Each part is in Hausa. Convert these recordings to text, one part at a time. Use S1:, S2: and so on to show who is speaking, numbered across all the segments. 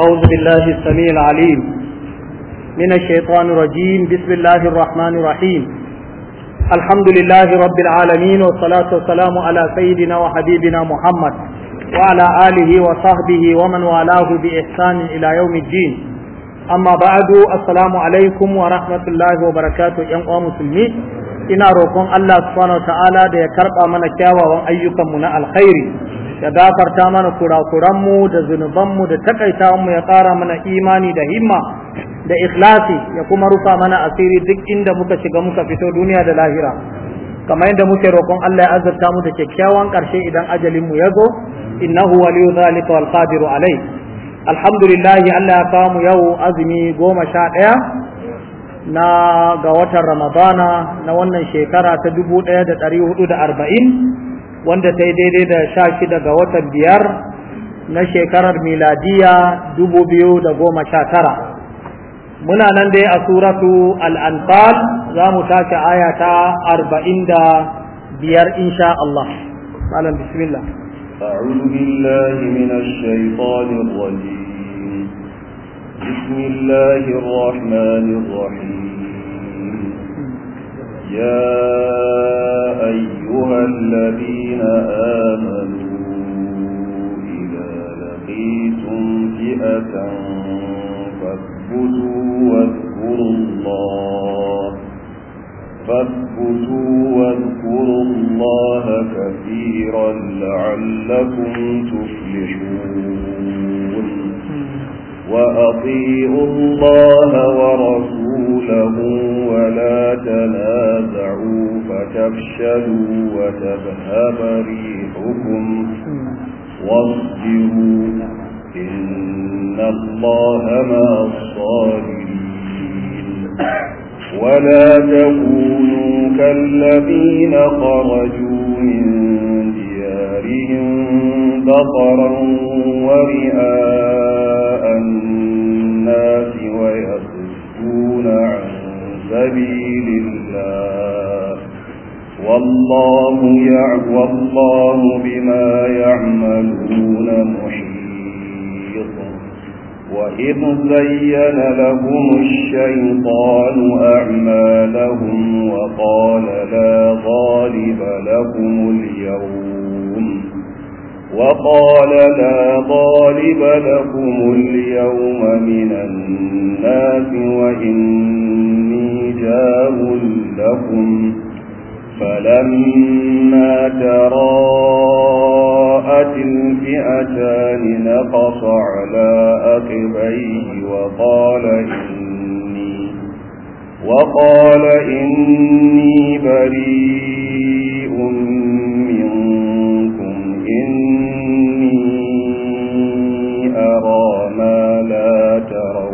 S1: أعوذ بالله السميع العليم من الشيطان الرجيم بسم الله الرحمن الرحيم الحمد لله رب العالمين والصلاة والسلام على سيدنا وحبيبنا محمد وعلى آله وصحبه ومن والاه بإحسان إلى يوم الدين أما بعد السلام عليكم ورحمة الله وبركاته يا مسلمين إن أروكم الله سبحانه وتعالى ليكرب da ya karɓa mana kyawawan ya gafarta mana kurakuranmu da zunubanmu da takaita mu ya ƙara mana imani da himma da ikhlasi ya kuma rufa mana asiri duk inda muka shiga muka fito duniya da lahira kamar yadda muke roƙon Allah ya azurta mu da kyakkyawan ƙarshe idan ajalin mu ya zo innahu waliyu zalika wal qadiru alai alhamdulillah Allah ya kawo mu yau azumi goma sha ɗaya na ga watan ramadana na wannan shekara ta dubu ɗaya da ɗari hudu da arba'in wanda ta yi daidai da sha shida ga watan biyar na shekarar miladiya dubu biyu da goma sha tara muna nan dai a suratu al'anfal za mu tashi aya ta arba'in da biyar insha Allah malam bismillah
S2: أعوذ بالله من الشيطان الرجيم بسم الله الرحمن الرحيم يا أيها الذين آمنوا إذا لقيتم فئة فاثبتوا واذكروا الله فاثبتوا واذكروا الله كثيرا لعلكم تفلحون وأطيعوا الله ورسوله تفشلوا وتذهب ريحكم واصبروا إن الله مع الصابرين ولا تكونوا كالذين خرجوا من ديارهم بطرا ورئاء الناس ويصدون عن سبيل الله والله يعلم والله بما يعملون محيط وإذ زين لهم الشيطان أعمالهم وقال لا غالب لكم اليوم وقال لا غالب لكم اليوم من الناس وإني جاه لكم فلما تراءت الفئتان نقص على أقبيه وقال إني وقال إني بريء منكم إني أرى ما لا ترون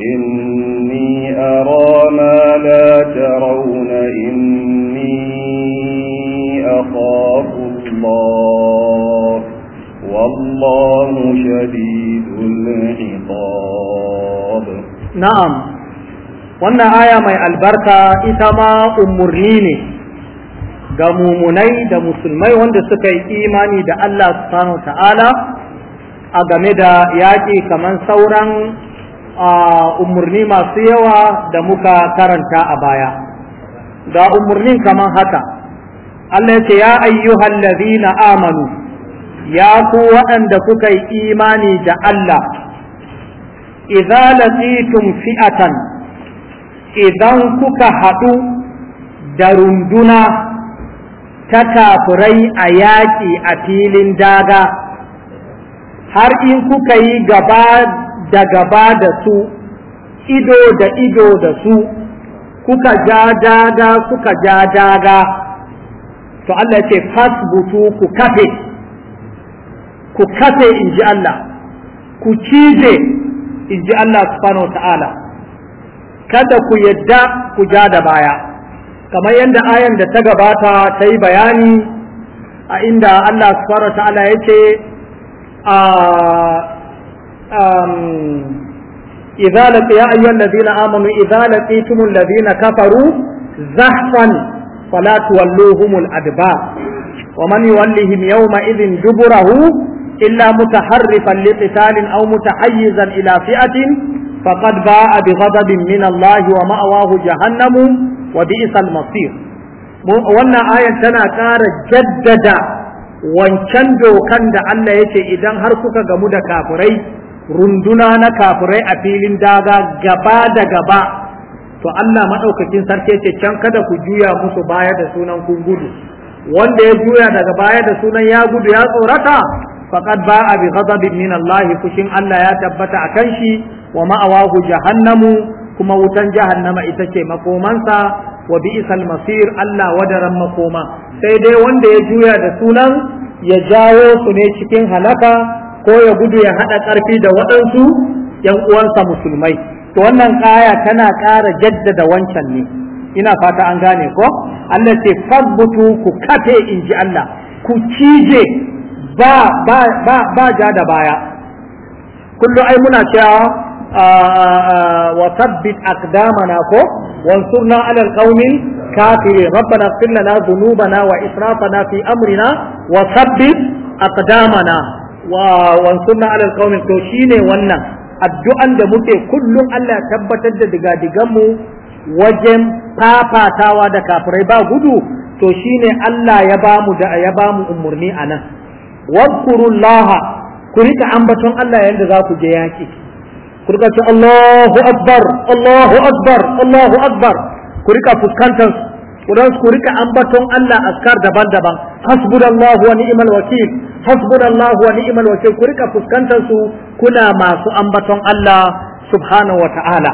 S2: إني أرى ما لا ترون إني أخاف الله والله شديد العقاب
S1: نعم wannan aya mai albarka ita ma umarni ne ga mumunai da musulmai wanda suka yi imani da Allah subhanahu ta'ala a game da yaƙi kamar sauran umarni masu yawa da muka karanta a baya ga umarnin kamar haka Allah ya ce ya ayyuhal na amanu ya ku waɗanda kuka yi imani da Allah idza laqitum fi'atan idan kuka haɗu da runduna ta tafurai a yaƙi a filin daga har in kuka yi gaba da gaba da su ido da ido da su kuka ja da kuka ja da to Allah ce fasbutu ku kafe ku kafe in ji Allah ku cije in ji Allah subhanahu ta'ala kada ku yadda ku ja da baya kamar yadda ayan da ta gabata ta yi bayani a inda Allah subhanahu wa ta'ala a إذا لقي يا أيها الذين آمنوا إذا لقيتم الذين كفروا زحفا فلا تولوهم الأدبار ومن يولهم يومئذ دبره إلا متحرفا لقتال أو متحيزا إلى فئة فقد باء بغضب من الله ومأواه جهنم وبئس المصير wannan ayan tana ƙara jaddada wancan dokan da Allah yake idan har kuka gamu da kafirai runduna na kafirai a filin daga gaba da gaba to Allah maɗaukakin sarki ce can kada ku juya musu baya da sunan kun gudu wanda ya juya daga baya da sunan ya gudu ya tsorata faqad ba'a bi ghadabin min Allah fushin Allah ya tabbata akan shi wa ma'awahu jahannamu kuma wutan jahannama ita ce makomansa wa bi'sal masir Allah wadaran makoma sai dai wanda ya juya da sunan ya jawo su ne cikin halaka ko ya gudu ya haɗa ƙarfi da waɗansu ‘yan uwansa musulmai. To wannan ƙaya tana ƙara jaddada wancan ne, ina fata an gane ko? Allah ce fabbutu ku kafe in ji Allah, ku cije ba, ba, ba, ba ja da baya. Kullum ai muna cewa wa sabbit aqdamana ko wansurna alal qaumin kafirin rabbana ighfir lana dhunubana wa israfana fi amrina wa sabbit aqdamana wa wansunna alal alqawmi to shine wannan addu'an da muke kullum Allah ya tabbatar da digadigan mu wajen fafatawa da kafirai ba gudu to shine Allah ya bamu da ya bamu umurni anan wadkurullaha ku rika ambaton Allah yanda za ku je yaki ku rika ce Allahu akbar Allahu akbar Allahu akbar ku rika fuskantar ku rika ambaton Allah askar daban-daban hasbunallahu wa ni'mal wakil hasbunallahu wa ni'mal wakil ku rika fuskantar su kuna masu ambaton Allah subhanahu wa ta'ala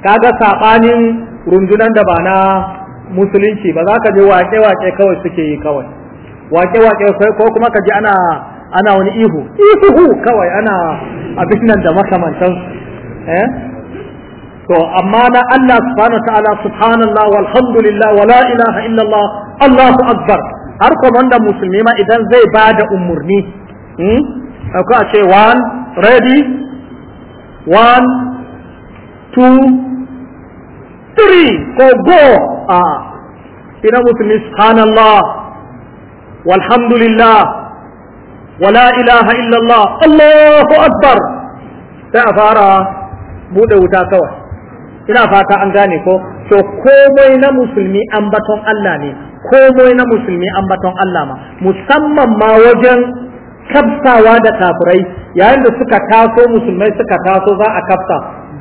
S1: kaga sabanin rundunan da ba na musulunci ba za ka je wake-wake kawai suke yi kawai wake-wake ko kuma ka ji ana ana wani ihu ihu kawai ana abin nan da makamantan eh to amma na Allah subhanahu wa ta'ala subhanallah walhamdulillah wala ilaha illallah Allahu akbar har komandan musulmi ma idan zai ba da umarni hmm? ko a ce one ready one two three ko go a ina musulmi subhanallah walhamdulillah wala ilaha illallah allahu akbar sai a fara bude wuta kawai ina fata an gane ko to komai na musulmi ambaton Allah ne komai na musulmi an baton Allah ma musamman ma wajen kafsawa da kafirai yayin da suka taso musulmai suka taso za a kafsa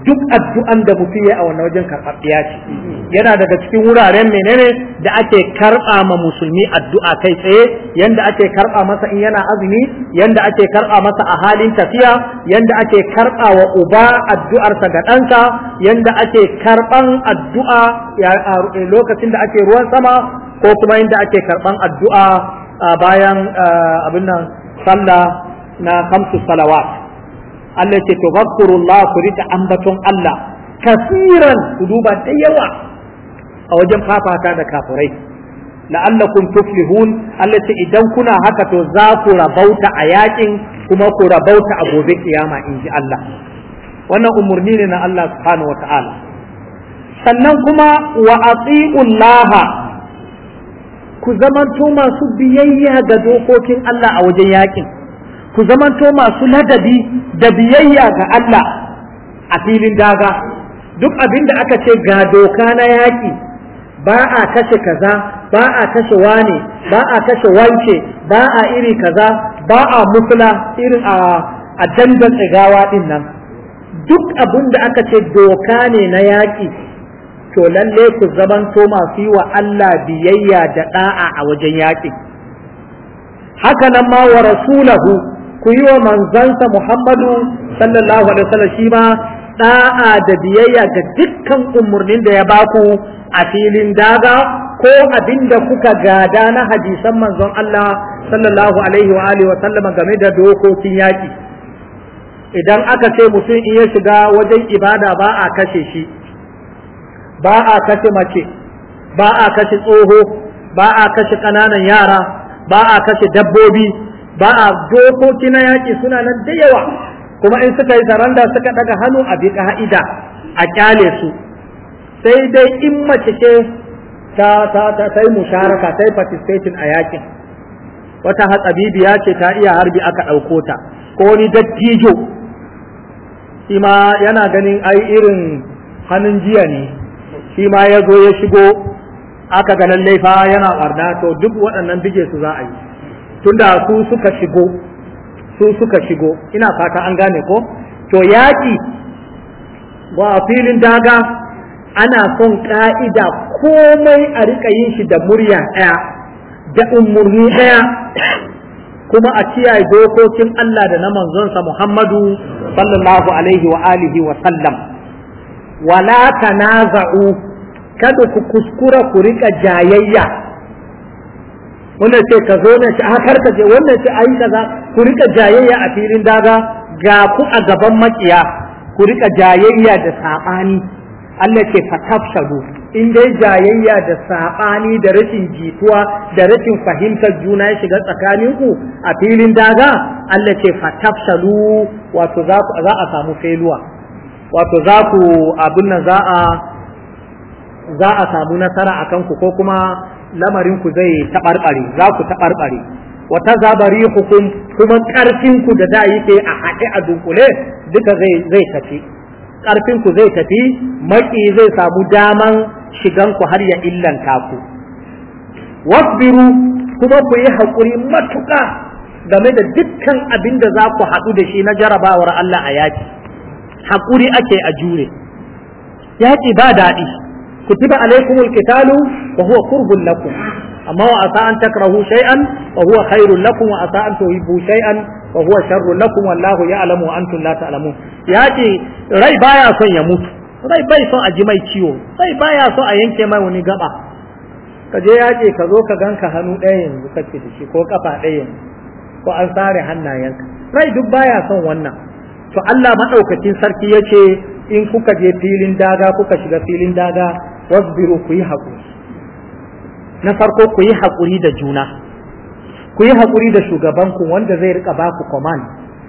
S1: duk addu'an da mutum ya a wannan wajen karɓaɓɓiya ce yana daga cikin wuraren menene da ake karɓa ma musulmi addu'a kai tsaye yanda ake karɓa masa in yana azumi yanda ake karɓa masa a halin tafiya yanda ake karɓa wa uba addu'arsa ga ɗansa yanda ake karɓan addu'a eh, lokacin da ake ruwan sama ko kuma yanda ake karɓan addu'a bayan abin nan sallah na kamsu salawat Allah ce to zakkurullah ku ambaton Allah kasiran ku duba da yawa a wajen fafata da kafirai la'allakum tuflihun Allah ce idan kuna haka to za ku rabauta a yakin kuma ku rabauta a gobe kiyama in ji Allah wannan umarni ne na Allah subhanahu wata'ala sannan kuma wa laha. ku zamanto masu biyayya ga dokokin Allah a wajen yakin ku zamanto masu ladabi da biyayya ga Allah a filin daga duk abin da aka ce ga doka na yaki ba a kashe kaza ba a kashe wane ba a kashe wance ba a iri kaza ba a musula irin a a dandan tsigawa din nan duk abin da aka ce doka ne na yaƙi to lalle ku zamanto masu yi wa Allah biyayya da da'a a wajen yaƙi haka nan ma wa rasulahu ku yi wa manzansa Muhammadu sallallahu alaihi wasallam shi ma da'a da biyayya ga dukkan umarnin da ya baku a filin daga ko abin da kuka gada na hadisan manzon Allah sallallahu alaihi wa alihi wa sallama game da dokokin yaki idan aka ce mutum in ya shiga wajen ibada ba a kashe shi ba a kashe mace ba a kashe tsoho ba a kashe ƙananan yara ba a kashe dabbobi ba a dokoki na yaki suna nan da yawa kuma in suka yi zaranda suka daga hannu a bi ka'ida a kyale su sai dai in mace ce ta ta ta sai musharaka sai participation a yakin wata biya ce ta iya harbi aka ɗauko ta ko wani dattijo shi ma yana ganin ai irin hannun jiya ne shi ma ya zo ya shigo aka ga lallai fa yana barna to duk waɗannan bige su za a yi tunda su suka shigo su suka shigo ina fata an gane ko to yaƙi ba filin daga ana son ka'ida komai a rika yin shi da murya ɗaya da umurni ɗaya kuma a kiyaye dokokin Allah da na manzonsa Muhammadu sallallahu alaihi wa alihi wa sallam wala tanaza'u kada ku kuskura ku rika jayayya wannan ce ka zo na shi a ah, ka je wannan ce ayi kaza ku rika jayayya a filin daga ga ku a gaban makiya ku rika jayayya da sabani Allah ce tafshadu in dai jayayya da saɓani da rashin jituwa da rashin fahimtar juna ya shiga tsakaninku a filin daga Allah ce tafshadu wato za a samu feluwa wato za ku abin nan za a za a samu nasara akan ku ko kuma lamarin ku zai taɓarɓare za ku taɓarɓare wata zabari hukum kuma ƙarfinku da da yake a haɗe a dunkule duka zai tafi karfin ku zai tafi maki zai samu daman shigan ku har ya illanta ku wasbiru kuma ku yi hakuri matuƙa game da dukkan abin da za ku haɗu da shi na jarabawar Allah a yaki haƙuri ake a jure yaƙi ba daɗi kutiba alaikumul qitalu wa huwa qurbun lakum amma wa asa an takrahu shay'an wa huwa khairul lakum wa asa an shay'an wa huwa sharru lakum wallahu ya'lamu wa antum la ta'lamun ya ce rai baya son ya mutu rai bai son a ji mai ciwo rai baya son a yanke mai wani gaba ka je ka zo ka ganka hannu ɗaya yanzu kace da ko kafa ɗaya yanzu ko an sare hannayenka rai duk baya son wannan to Allah madaukakin sarki yace in kuka je filin daga kuka shiga filin daga wasbiru ku yi haƙuri na farko ku yi haƙuri da juna ku yi haƙuri da shugabanku wanda zai rika ba ku command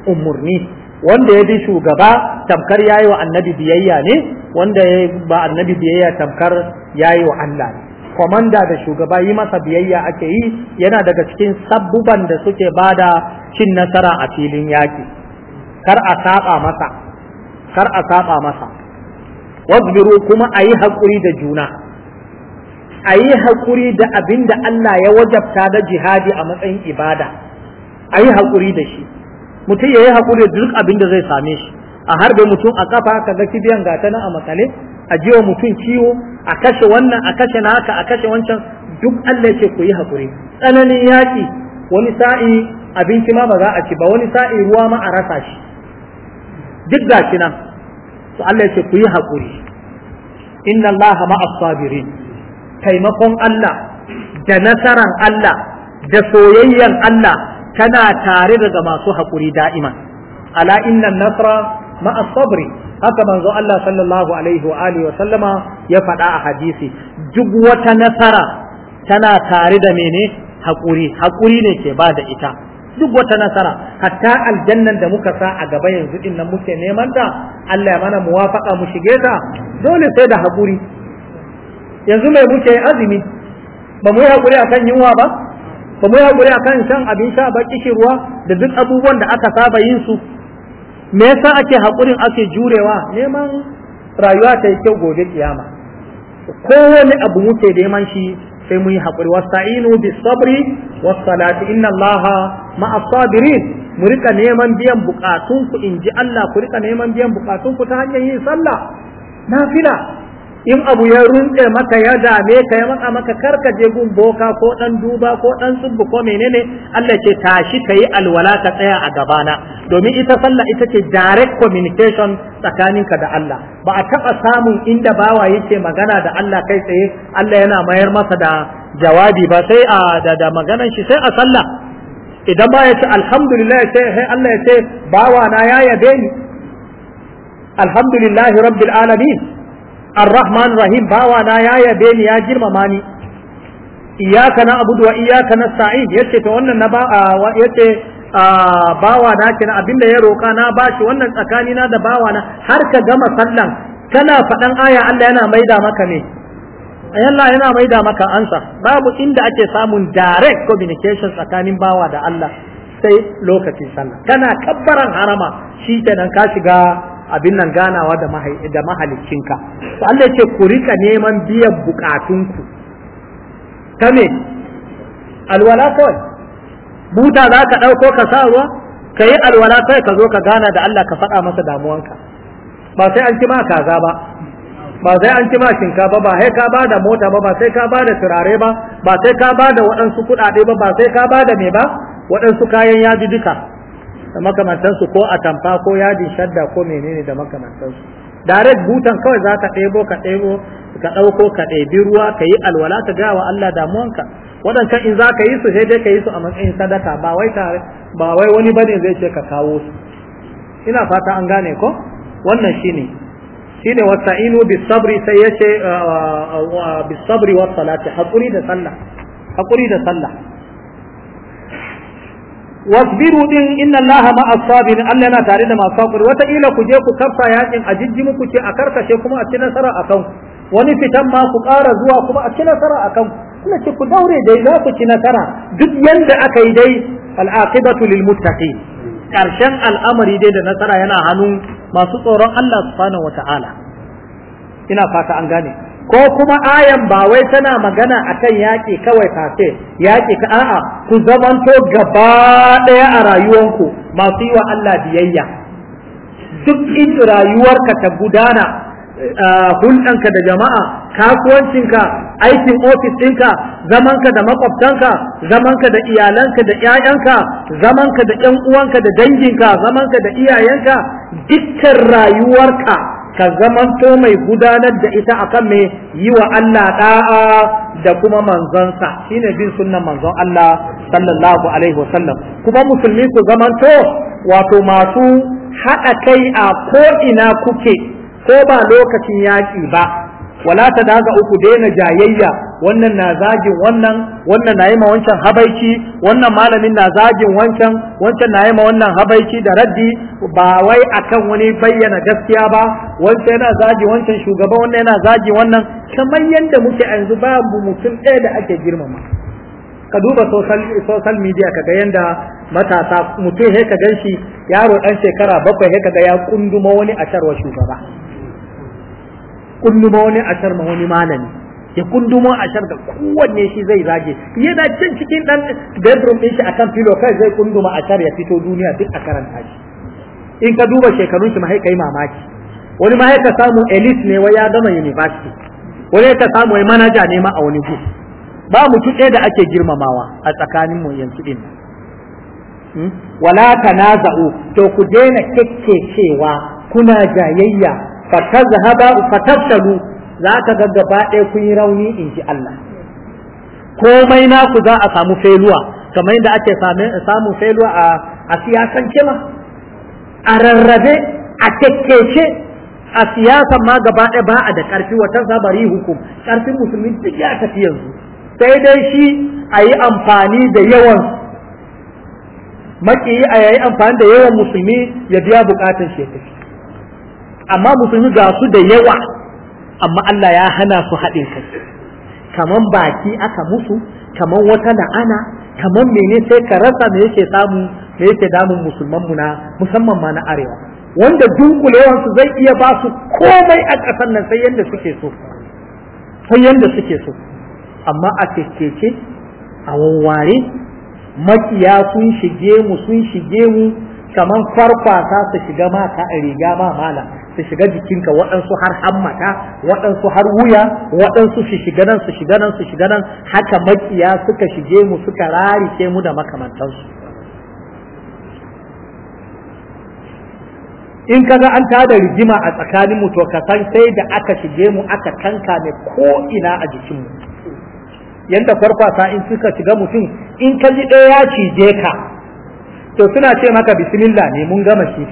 S1: umurni wanda ya bi shugaba tamkar yayi wa annabi biyayya ne wanda ya ba annabi biyayya tamkar yayi wa Allah ne komanda da shugaba yi masa biyayya ake yi yana daga cikin sabbuban da suke bada cin nasara a filin yaki kar a saba masa kar a saba masa Wazbiru kuma a yi haƙuri da juna a yi haƙuri da abin da Allah ya wajabta da jihadi a matsayin ibada a yi haƙuri da shi mutum ya yi haƙuri da duk abin da zai same shi a harbe mutum a kafa ka ga kibiyan gata nan a matsale a jiwa mutum ciwo a kashe wannan a kashe naka a kashe wancan duk Allah ce ku yi haƙuri tsananin yaƙi wani sa'i abinci ma ba za a ci ba wani sa'i ruwa ma a rasa shi duk gashi nan to Allah ya ce ku yi haƙuri inna Allah ma'as sabirin taimakon Allah da nasaran Allah da soyayyan Allah tana tare daga masu haƙuri da'iman ala innan nasra ma'a sabri haka manzo Allah sallallahu alaihi wa alihi wa sallama ya faɗa a hadisi duk wata nasara tana tare da mene haƙuri haƙuri ne ke ba da ita duk wata nasara hatta aljannan da muka sa a gaba yanzu din nan muke neman ta Allah ya mana muwafaqa mu shige ta dole sai da haƙuri yanzu mai muke azumi ba mu yi hakuri akan yunwa ba ba mu yi hakuri akan shan abin sha ba kishirwa da duk abubuwan da aka saba yin su me yasa ake hakurin ake jurewa neman rayuwa ta yi kyau gobe kiyama kowane abu muke neman shi sai mu yi hakuri wasta'inu bis sabri was salati inna allaha ma'as sabirin mu rika neman biyan bukatun ku in Allah ku rika neman biyan bukatun ku ta hanyar yin sallah nafila in abu ya runtse maka ya dame ka ya maka maka ka je gun boka ko dan duba ko dan tsubbu ko menene Allah ce tashi kayi alwala ka tsaya a gabana domin ita sallah ita ce direct communication tsakaninka da Allah ba a taba samun inda bawa yake magana da Allah kai tsaye Allah yana mayar masa da jawabi ba sai a da, da maganan shi sai a sallah idan ba ya ce alhamdulillah sai Allah ya ce bawa na ya yabe ni alhamdulillah rabbil alamin ar-rahman rahim bawana na ya yabe ni ya girmama ni iyyaka na'budu wa iyyaka nasta'in yace to wannan na ba yace bawa na kina abinda ya roka na bashi wannan tsakani na da bawa na har ka gama sallan kana faɗan aya Allah yana maka ne Allah yana maida maka ansa babu inda ake samun direct communication tsakanin bawa da Allah sai lokacin sallah kana kabbaran harama shi kenan ka shiga abin nan ganawa da da mahalicinka to Allah ce ku rika neman biyan bukatunku ta me alwala kawai buta za ka ɗauko ka sa ruwa ka yi alwala kawai ka zo ka gana da Allah ka faɗa masa damuwanka ba sai an ci ma kaza ba ba sai an ci ma shinkafa ba sai ka ba da mota ba ba sai ka ba da turare ba ba sai ka ba da waɗansu kuɗaɗe ba ba sai ka ba da me ba waɗansu kayan yaji duka da makamantansu ko atamfa ko yadin shadda ko menene da makamantansu direct butan kawai za ka ɗebo ka ɗebo ka ɗauko ka ɗebi ruwa ka yi alwala ka gaya wa Allah damuwanka waɗancan in za ka yi su sai dai ka yi su a matsayin sadaka ba wai tare ba wai wani bane zai ce ka kawo su ina fata an gane ko wannan shine shine wasta'inu bis sabri sai yace uh, uh, uh, bis sabri wa salati hakuri da sallah hakuri da sallah wasbiru din inna allaha ma asabirin Allah yana tare da masu hakuri wata ila ku je ku karsa yakin a jijji muku ce a karkashe kuma a ci nasara akan wani fitan ma ku ƙara zuwa kuma a ci nasara akan kuma ce ku daure dai za ku ci nasara duk yadda aka yi dai al'aqibatu lil muttaqin al'amari dai da nasara yana hannun masu tsoron Allah subhanahu wata'ala ina fata an gane ko kuma ayan ba wai tana magana akan yaƙi kawai kafe yaƙi ka a'a ku zamanto gaba ɗaya a rayuwanku masu yi wa Allah biyayya duk inda rayuwarka ta gudana eh, hulɗanka da jama'a kasuwancinka aikin ofis ɗinka zamanka da makwabtanka zamanka da iyalanka da ƴaƴanka zamanka da ƴan uwanka da danginka zamanka da iyayenka dukkan rayuwarka ka zamanto mai gudanar da ita akan mai yi wa Allah da'a da kuma manzonsa shine bin sunnan manzon Allah sallallahu alaihi wasallam kuma musulmi ku zamanto wato masu haɗa kai a ko ina kuke ko ba lokacin yaƙi ba wala ta daga uku daina jayayya wannan na zagin wannan wannan na yima wancan habaici wannan malamin na zagin wancan wancan na yima wannan habaici da raddi ba wai akan wani bayyana gaskiya ba wancan yana zagi wancan shugaba wannan yana zagi wannan kamar yadda muke a yanzu babu mutum ɗaya da ake girmama ka duba social, social media kaga yanda matasa mutum he ka ganshi yaro dan shekara bakwai he kaga ya kunduma wani a sharwa shugaba Kunduma wani ashar ma wani malami ya kunduma ashar da kowanne shi zai zage yana cin cikin dan bedroom din shi akan filo kai zai kunduma ashar ya fito duniya duk a karanta shi in ka duba shekarun shi mahaikai mamaki wani ma ka samu elite ne wai ya gama university wani ka samu wai manaja ne ma a wani gu ba mutum ɗaya da ake girmamawa a tsakanin mu yanzu din hmm? wala tanaza'u to ku daina kekkecewa kuna jayayya fatazhaba fatabtagu za ka ga gaba ɗaya kun yi rauni in ji Allah komai naku za a samu feluwa kamar yadda ake samun feluwa a a siyasan kima a rarrabe a kekkece a siyasan ma gaba ɗaya ba a da ƙarfi wata zabari hukum ƙarfin musulmi duk ya tafi yanzu sai dai shi a yi amfani da yawan maki a amfani da yawan musulmi ya biya bukatun shi tafi amma musulmi ga su da yawa amma Allah ya hana su haɗin kai kaman baki aka musu kaman wata la'ana kaman mene sai ka rasa me yake samu me yake damun musulman mu na musamman ma na arewa wanda dunkulewan su zai iya ba su komai a ƙasar nan sai yanda suke so sai yanda suke so amma a kekeke, a wawware makiya sun shige mu sun shige mu kaman kwarkwata su shiga mata a riga ma malam su shiga jikinka waɗansu har hammata waɗansu har wuya waɗansu su shiga nan su shiga nan su shiga nan haka makiya suka shige mu suka rarike mu da makamantansu in kaga an tada rigima a tsakanin mu to ka san sai da aka shige mu aka tanka ne ko ina a jikin mu yanda farfasa in suka shiga mutum in ka ji ɗaya ya cije ka to suna ce maka bismillah ne mun gama shi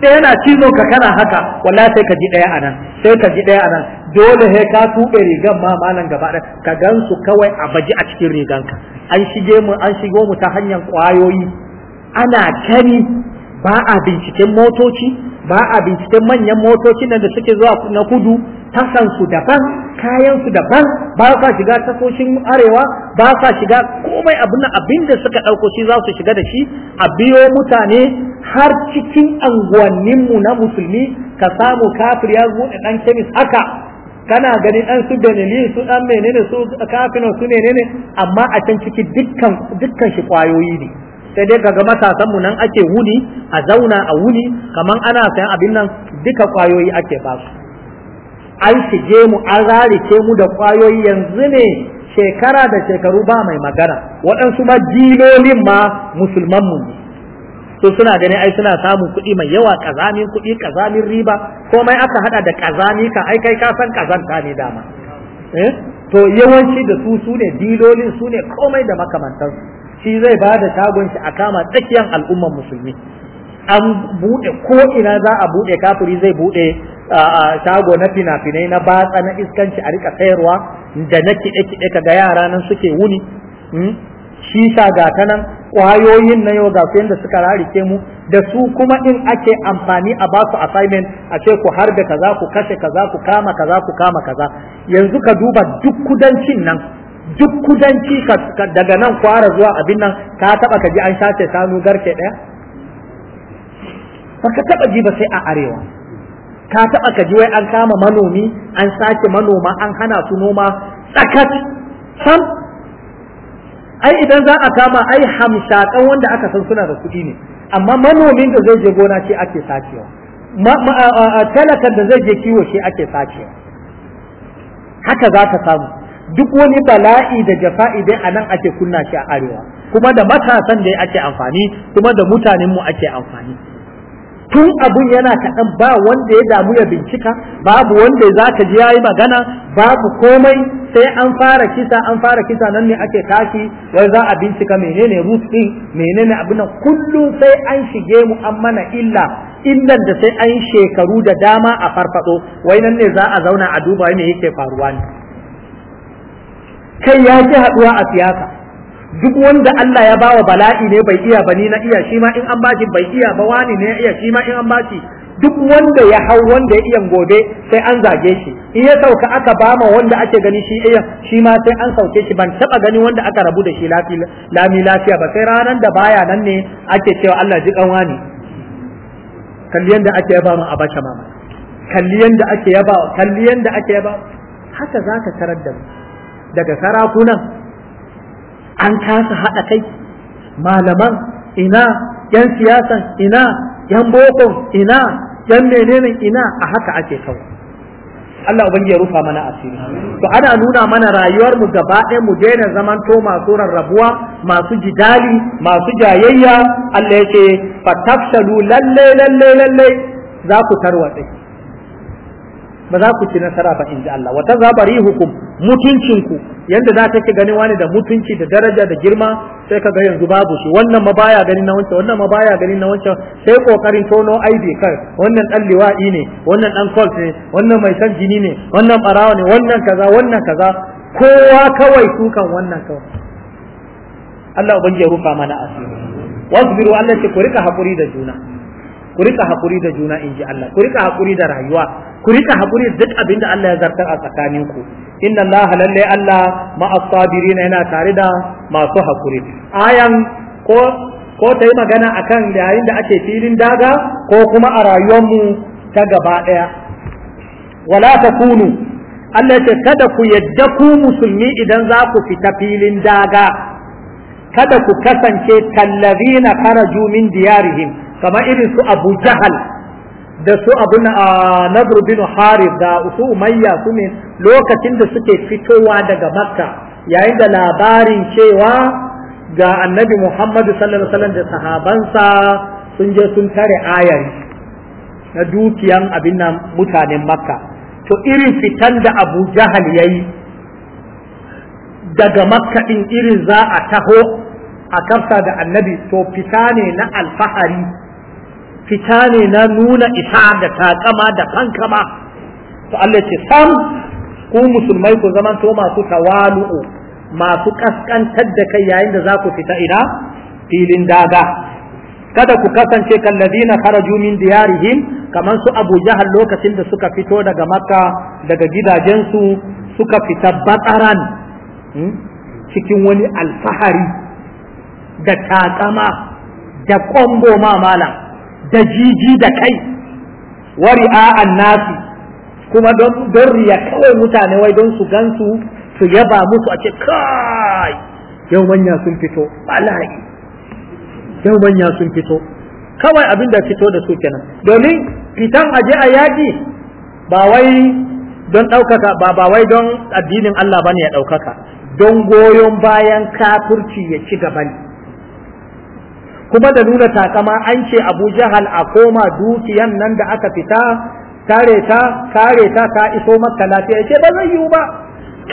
S1: sai yana cizo ka kana haka walla sai ka ji daya anan sai ka ji daya anan dole sai ka tube rigan ma malan gaba da ka gansu kawai a baji a cikin riganka an shige mu an shigo mu ta hanyar kwayoyi ana kani ba a binciken motoci ba a binciken manyan motocin da suke zuwa na kudu su daban kayansu daban ba sa shiga tasoshin arewa ba sa shiga komai abin abin da suka ɗauko shi za su shiga da shi a biyo mutane har cikin anguwanninmu na musulmi ka samu kafir ya zo dan kemis haka kana gani dan su benelin su dan menene su kafin su menene amma a can ciki dukkan dukkan shi kwayoyi ne sai dai kaga matasan mu nan ake wuni a zauna a wuni kaman ana sayan abin nan duka kwayoyi ake ba su an shige mu an rarice mu da kwayoyi yanzu ne shekara da shekaru ba mai magana waɗansu ma jilolin ma musulman mu ne to suna ganin ai suna samun kuɗi mai yawa kazamin kuɗi kazamin riba komai aka hada da kazami ka ai kai ka san kazanta ne dama eh to yawanci da su su ne dilolin su ne komai da makamantansu shi zai ba da shagon shi a kama tsakiyar al'ummar musulmi an buɗe ko ina za a buɗe kafiri zai buɗe shago na fina-finai na batsa na iskanci a rika sayarwa da na kiɗe-kiɗe ga yara nan suke wuni hmm? shisha ga ta nan ƙwayoyin na yau ga su yadda suka rarike mu da su kuma in ake amfani a ba su assignment a ce ku harbe kaza ku kashe kaza ku kama kaza ku kama kaza yanzu ka duba duk kudancin nan duk kudanci daga nan kwara zuwa abin nan ka taba ka ji an sace sanu garke daya ba ka taba ji ba sai a arewa ka taba ka ji wai an kama manomi an sace manoma an hana su noma tsakat sam ai idan za a kama ai hamshakan wanda aka san suna da kuɗi ne amma manomin da zai je gona shi ake sacewa talakan da zai je kiwo shi ake sacewa haka za ka samu duk wani bala'i da jafa'i dai a nan ake kunna shi a arewa kuma da matasan dai ake amfani kuma da mutanen mu ake amfani tun abun yana kaɗan ba wanda ya damu ya bincika babu wanda za ka ji ya yi magana babu komai sai an fara kisa an fara kisa nan ne ake tashi wai za a bincika menene root din menene abin nan kullum sai an shige mu an mana illa illan da sai an shekaru da dama a farfado wai nan ne za a zauna a duba me yake faruwa ne kai ya ji haɗuwa a siyasa duk wanda Allah ya bawa bala'i ne bai iya ba ni na iya shi ma in an bashi bai iya ba wani ne iya shi ma in an bashi duk wanda ya hau wanda ya iya gobe sai an zage shi in ya sauka aka bama wanda ake gani shi iya shi ma sai an sauke shi ban taba gani wanda aka rabu da shi lami lafiya ba sai ranan da baya nan ne ake cewa Allah ji kanwa ne kalli yanda ake yaba mu abacha mama kalli yanda ake yaba kalli yanda ake yaba haka zaka tarar da mu daga sarakunan an kasa haɗa kai malaman ina yan siyasan ina yan bokon ina yan menene ina a haka ake kawo. Allah ubangi ya rufa mana asiri to ana nuna mana rayuwar mu gaba ɗaya mu daina zaman to masu rarrabuwa masu jidali masu jayayya Allah yake fatafshalu lalle lalle lalle za ku tarwatsa ba za ku ci nasara ba in ji Allah wata zabari hukum mutuncinku yanda za ta ki gani wani da mutunci da daraja da girma sai ka ga yanzu babu shi wannan ma baya gani na wancan wannan ma baya gani na wancan sai kokarin tono aibe kai wannan dan liwa'i ne wannan dan colt ne wannan mai san jini ne wannan barawa ne wannan kaza wannan kaza kowa kawai sukan wannan kawai Allah ubangiji ya rufa mana asiri wasbiru Allah ce ku rika hakuri da juna ku rika haƙuri da juna in ji Allah ku rika haƙuri da rayuwa ku rika haƙuri duk abin da Allah ya zartar a tsakanin ku inna Allah lalle Allah ma'as sabirina yana tare da masu haƙuri ayan ko ko ta yi magana akan yayin da ake filin daga ko kuma a rayuwar mu ta gaba ɗaya wala takunu Allah ce kada ku yadda ku musulmi idan za ku fita filin daga kada ku kasance na kharaju min diyarihim kamar irin su abu jahal da su abu na bin harif da su umayya su ne lokacin da suke fitowa daga makka yayin da labarin cewa ga annabi muhammadu sallallahu alaihi da sahabansa sun je sun tare ayari na dukiyan abin nan mutanen makka to irin fitan da abu jahal ya yi daga makka ɗin irin za a taho a karsa da annabi to fita ne na alfahari fita ne na nuna isa da takama da fankama to Allah ce sam ku musulmai ku zaman to masu tawalu'u masu kaskantar da kai yayin da za ku fita ina filin daga kada ku kasance kallazina kharaju min diyarihim kaman su Abu Jahal lokacin da suka fito daga Makka daga gidajensu suka fita batsaran hmm, cikin wani alfahari da takama da kombo ma malam da jiji da kai wari a'an nasu kuma don riya kawai mutane wai don su gansu su yaba musu a ce kai yau manya sun fito bala'i yau manya sun fito kawai abin da fito da su kenan domin fitan aje a yaƙi ba wai don ɗaukaka ba ba wai don addinin Allah bane ya ɗaukaka don goyon bayan kafirci ya ci gaba ne kuma da nuna takama an ce abu jahal a koma dukiyan nan da aka fita kare ta kare ta ka iso maka lafiya ce ba zai yiwu ba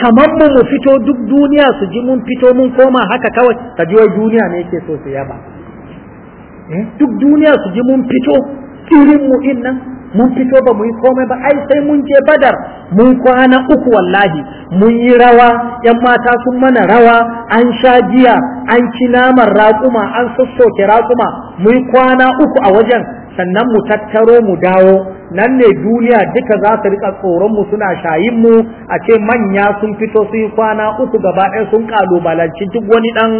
S1: kamar mu mu fito duk duniya su ji mun fito mun koma haka kawai ta ji duniya ne yake so su yaba eh? duk duniya su ji mun fito irin mu in nan mun fito ba mu yi komai ba ai sai mun je badar mun kwana uku wallahi mun yi rawa yan mata sun mana rawa an sha giya an ci naman raƙuma an sassoke raƙuma mu yi kwana uku a wajen sannan mu tattaro mu dawo nan ne duniya duka za su rika tsoron mu suna shayin mu a ce manya sun fito su yi kwana uku gaba ɗaya sun kalubalanci duk wani ɗan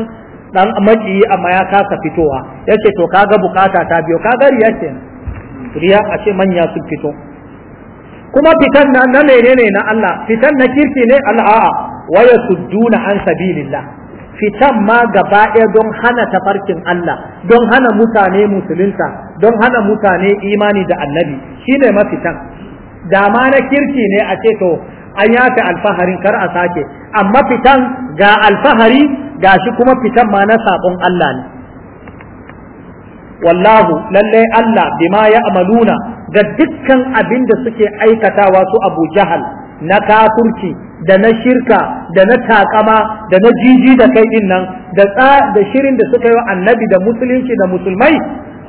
S1: dan maƙiyi amma ya kasa fitowa yace to kaga bukata ta biyo kaga riya kenan riya a ce manya sun fito kuma fitan na na menene na Allah fitan na kirki ne Allah a'a waya sudduna an sabilillah fitan ma gaba ɗaya don hana tafarkin Allah don hana mutane musulunta don hana mutane imani da annabi shine mafitan da ma na kirki ne a ce to an yafe alfaharin kar a sake amma fitan ga alfahari shi kuma fitan ma na sabon Allah ne wallahu lallai Allah bima ya amaluna ga dukkan abin da suke aikatawa su Abu Jahal na kafurci da na shirka da na takama da na jiji da kai din nan da shirin da suka yi wa annabi da musulunci da musulmai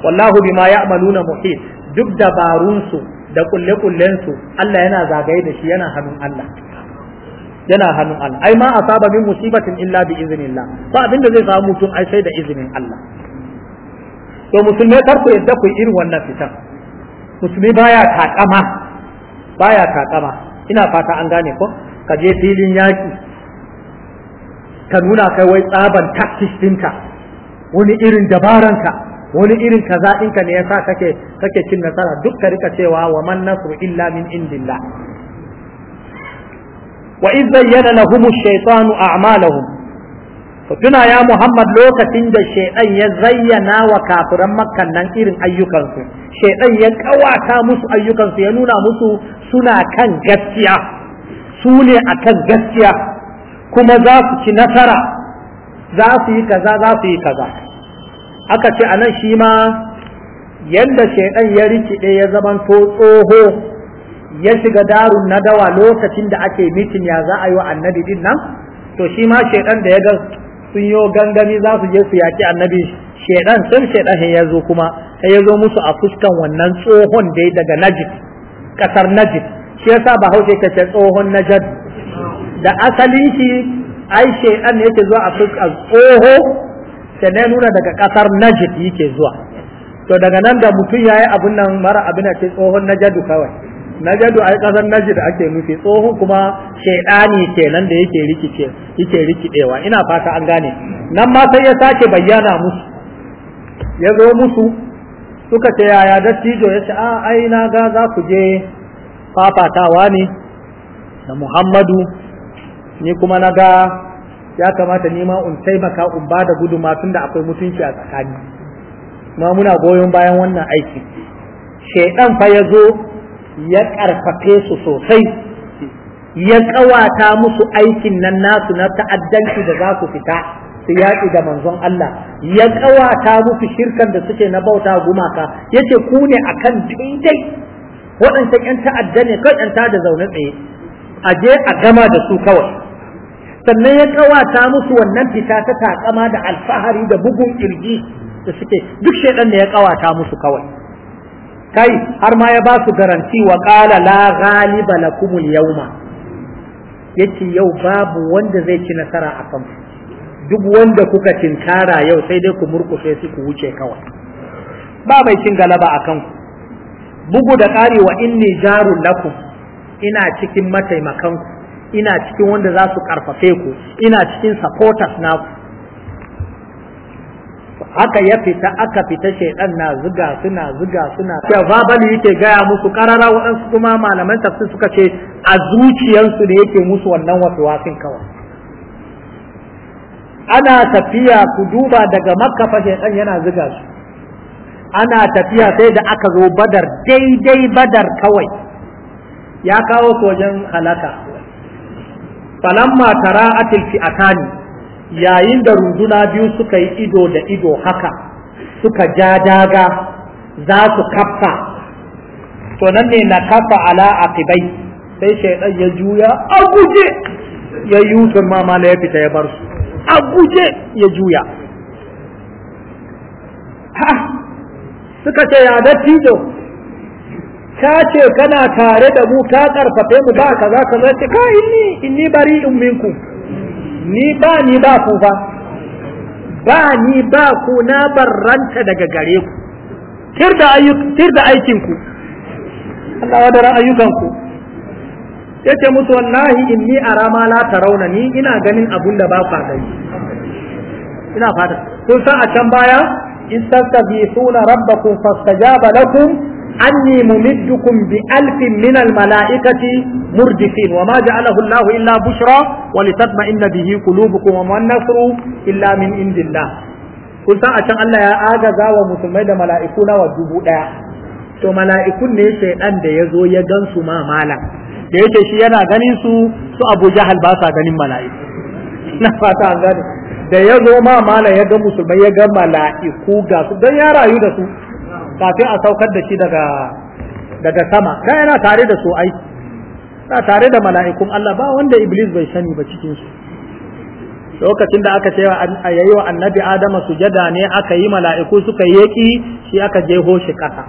S1: wallahu bima ya amaluna muhit duk dabarunsu da kulle-kullensu Allah yana zagaye da shi yana hannun Allah yana hannun Allah ai ma asaba min musibatin illa bi iznillah abin da zai samu mutum ai sai da izinin Allah to musulmai kar ku yadda ku irin wannan fitan musulmi baya takama baya takama ina fata an gane ko ka je filin yaki ka nuna kai wai tsaban tactics dinka wani irin dabaranka wani irin kaza ɗinka ne yasa kake kake cin nasara duk ka rika cewa wa man nasru illa min indillah wa idh zayyana lahum ash-shaytanu a'malahum tuna ya Muhammad lokacin da shaidan ya zayyana wa kafiran makkan nan irin ayyukansu shaidan ya kawata musu ayyukansu ya nuna musu suna kan gaskiya su ne a kan gaskiya kuma za su ci nasara za su yi kaza za su yi kaza aka ce anan shi ma yadda shaidan ya rikide ya zaman tsoho ya shiga darun nadawa lokacin da ake mitin ya za a yi wa annabi din nan to shi ma shaidan da ya ga sun yo gangami za su je su yaki annabi shedan sun shedan ya zo kuma sai ya zo musu a fuskan wannan tsohon dai daga najid kasar najid shi yasa bahaushe ka ce tsohon najad da asalin shi ai shedan yake zuwa a fuskan tsoho sai nuna daga kasar najid yake zuwa to daga nan da mutum yayi abun nan mara abin ce tsohon najadu kawai najadu ai kasan najid ake nufi tsohon kuma shaidani kenan da yake rikice yake rikidewa ina fata an gane nan ma sai ya sake bayyana musu ya zo musu suka ce yaya dattijo ya ce a ai na ga za ku je fafatawa ne da muhammadu ni kuma na ga ya kamata ni ma in taimaka in ba da guduma tun da akwai mutunci a tsakani ma muna goyon bayan wannan aiki shaidan fa ya zo ya ƙarfafe su sosai ya ƙawata musu aikin nan nasu na ta'addanci da za su fita su yaƙi da manzon Allah ya ƙawata musu shirkan da suke na bauta gumaka yace ku ne akan daidai waɗancan ƴan ta'adda ne ƴan da zaune tsaye a je a gama da su kawai sannan ya ƙawata musu wannan fita ta takama da alfahari da bugun kirji da suke duk shaidan ne ya ƙawata musu kawai kai har ma ya ba su garanti wa qala la ghaliba lakum al-yawma yace yau babu wanda zai ci nasara a kan duk wanda kuka tinkara yau sai dai ku murkushe su ku wuce kawai ba mai cin galaba a kanku bugu da ƙari wa inni jarun lakum ina cikin mataimakanku ina cikin wanda za su karfafe ku ina cikin supporters naku haka ya fita aka fita shaidan na zuga suna zuga suna ya babali yake gaya musu karara waɗansu kuma malaman tafsir suka ce a zuciyarsu da yake musu wannan wasin kawai ana tafiya ku duba daga makka fa shaidan yana zuga su ana tafiya sai da aka zo badar daidai badar kawai ya kawo sojan halaka falamma fi atani yayin da runduna biyu suka yi ido da ido haka suka ja daga za su kafa to nan ne na kafa ala aqibai sai shaidan ya juya a guje ya yutun ma na ya fita ya bar su a ya juya ha suka ce ya da tijo ka ce kana tare da mu ta karfafe mu ba kaza kaza ce ka inni inni bari in minku ni ba ni ba ku ba ba ni ba ku na barranta daga gare ku tir da aikin ku Allah dara ayyukan ku yace musu wallahi inni ara ma la tarawna ni ina ganin abun da ba ku gani ina fata kun san a can baya istastaghithuna rabbakum fastajaba lakum anni mumiddukum bi alfin minal al malaikati murdifin wa ma ja'alahu Allahu illa bushra wa litatma'inna bihi qulubukum wa ma nasru illa min indillah kun san a can Allah ya agaza wa musulmai da mala'iku nawa dubu daya to mala'ikun ne shaidan da ya zo ya gan ma malam da yake shi yana ganin su su abu jahal ganin mala'iku da ya zo ma malam ya ga musulmai ya ga mala'iku ga don ya rayu da su kafin a saukar da shi daga sama da yana tare da su ai na tare da mala'ikun Allah ba wanda iblis bai sani ba cikin su lokacin da aka cewa a yayi wa annabi adama sujada ne aka yi mala'iku suka yeki shi aka jeho shi kasa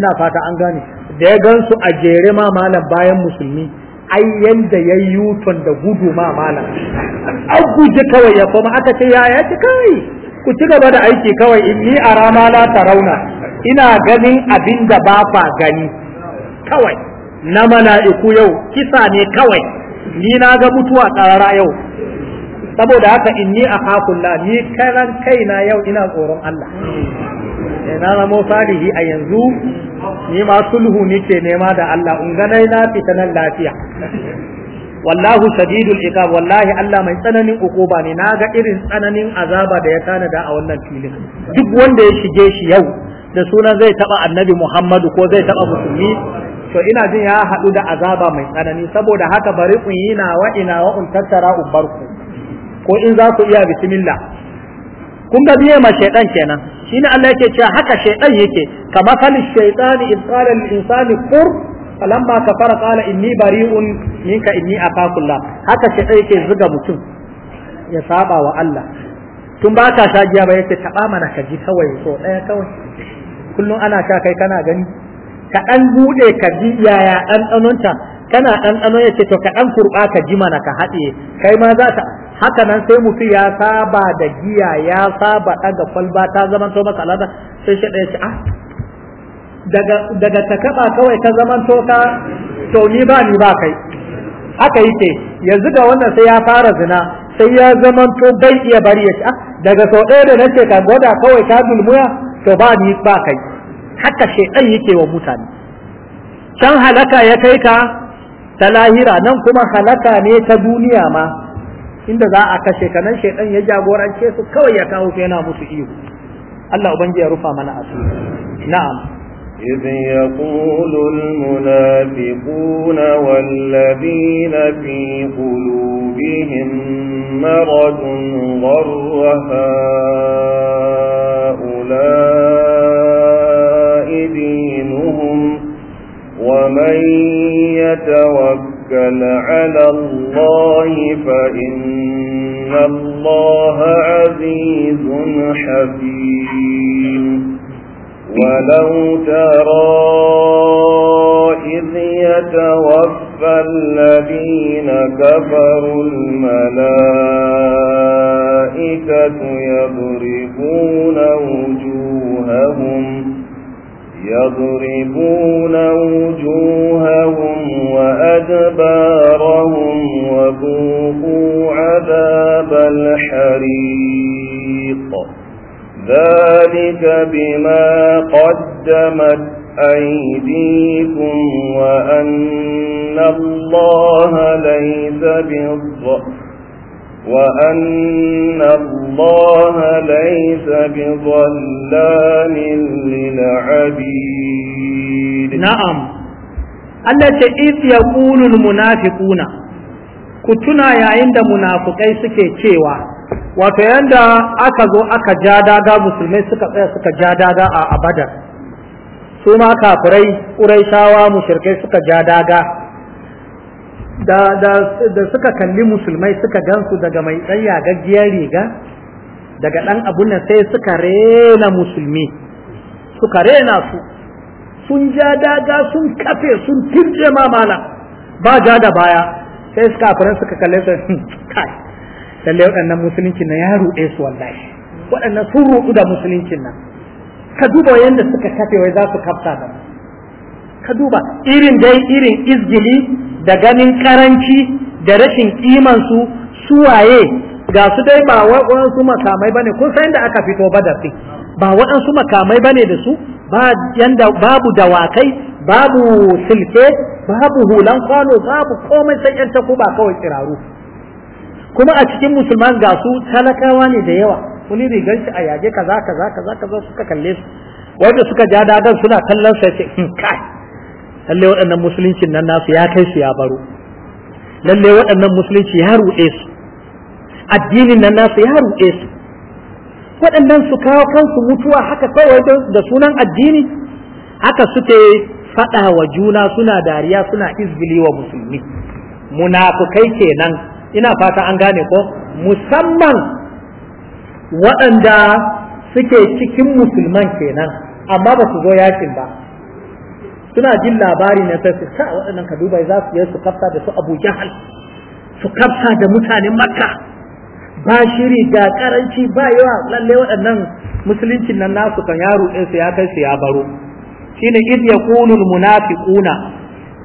S1: ina fata an gane da ya gansu a jere ma malam bayan musulmi ai yanda ya yi yuton da gudu ma malam an guje kawai ya kuma aka ce ya ya ci kai ku ci gaba da aiki kawai in ni a rama la rauna. ina ganin abin da ba fa gani kawai na mala'iku yau kisa ne kawai ni na ga mutuwa tsarara yau saboda haka inni a hakulla ni karan kaina yau ina tsoron Allah eh, na zamo salihi a yanzu ni ma sulhu nike nema da Allah in ganai na fita nan lafiya wallahu shadidul iqab wallahi Allah mai tsananin ukuba ne na ga irin tsananin azaba da ya da a wannan filin duk wanda ya shige shi yau da sunan zai taba annabi Muhammadu ko zai taba musulmi to ina jin ya haɗu da azaba mai tsanani saboda haka bari ku yi nawa ina wa in tattara in barku ko in za ku iya bismillah kun ga biye ma shaydan kenan shine Allah yake cewa haka shaydan yake kama kali shaytani in qala lil insani kufur falamma kafara qala inni bari'un minka inni afakullah haka shaydan yake zuga mutum ya saba wa Allah tun ba ka sha ba yake taba mana ka ji kawai so daya kawai kullum ana sha kai kana gani ka ɗan buɗe ka ji yaya ɗanɗanonta kana ɗanɗano ya ce to ka ɗan kurɓa ka ji mana ka haɗe kai ma za ta haka nan sai mutum ya saba da giya ya saba ɗaga kwalba ta zama to maka alada sai shi ɗaya ce ah daga ta kaɓa kawai ta zama to ka to ni ba ni ba kai haka yake yanzu ga wannan sai ya fara zina sai ya zama to bai iya bari ya ce ah daga sau ɗaya da nace ka gwada kawai ka dulmuya to ba ni ba kai haka shedan yake wa mutane can halaka ya kai ka ta lahira nan kuma halaka ne ta duniya ma inda za a kashe ka nan shedan ya jagorance su kawai ya kawo yana mutu ihu Allah ubangiji ya rufa mana asiri na'am
S2: إذ يقول المنافقون والذين في قلوبهم مرض غر هؤلاء دينهم ومن يتوكل على الله فإن الله عزيز حكيم ولو ترى إذ يتوفى الذين كفروا الملائكة يضربون وجوههم يضربون وجوههم وأدبارهم وذوقوا عذاب الحريق ذلك بما قدمت أيديكم وأن الله ليس بالظلم وأن الله ليس بظلام للعبيد نعم التي
S1: إذ يقول المنافقون كتنا يا عند منافقين سكي تشيوا wato yanda aka zo aka ja daga musulmai suka tsaya suka ja daga a abada su ma kafirai ƙuraishawa mushrikai suka ja daga da, da, da suka kalli musulmai suka gansu daga mai tsaya gaggiyar riga daga ɗan abun nan sai suka rena musulmi suka rena su sun ja daga sun kafe sun tirje ma mala ba ja da baya sai suka kafirai suka kalle su hmm, kai lalle waɗannan musuluncin nan ya ruɗe su wallahi waɗannan sun ruɗu da musuluncin nan ka duba yadda suka kafe wai za su kafta da ka duba irin dai irin izgili da ganin karanci da rashin kiman su suwaye ga su dai ba waɗansu makamai bane kun san da aka fito ba da su ba waɗansu makamai bane da su yanda babu dawakai babu silke babu hulan kwano babu komai sai yan kuba kawai tsiraru kuma a cikin musulman ga su talakawa ne da yawa wani rigar shi a yaje kaza kaza kaza kaza suka kalle su wanda suka ja dadan suna kallon sa ce hmm, kai lalle waɗannan musuluncin nan nasu ya kai su ya baro lalle waɗannan musulunci ya ruɗe su addinin nan nasu ya ruɗe su waɗannan su kawo kansu mutuwa haka kawai da sunan addini haka suke faɗa wa juna suna dariya suna izgili wa musulmi munafukai kenan ina fata an gane ko musamman waɗanda suke cikin musulman kenan amma ba su zo yakin ba suna jin labari na sai su sa waɗannan ka dubai za su yi su kafsa da su abu jahal su kafsa da mutanen makka ba shiri ga karanci ba yawa lalle waɗannan musuluncin nan nasu kan yaro ɗinsu ya kai su ya baro shine id yaqulu almunafiquna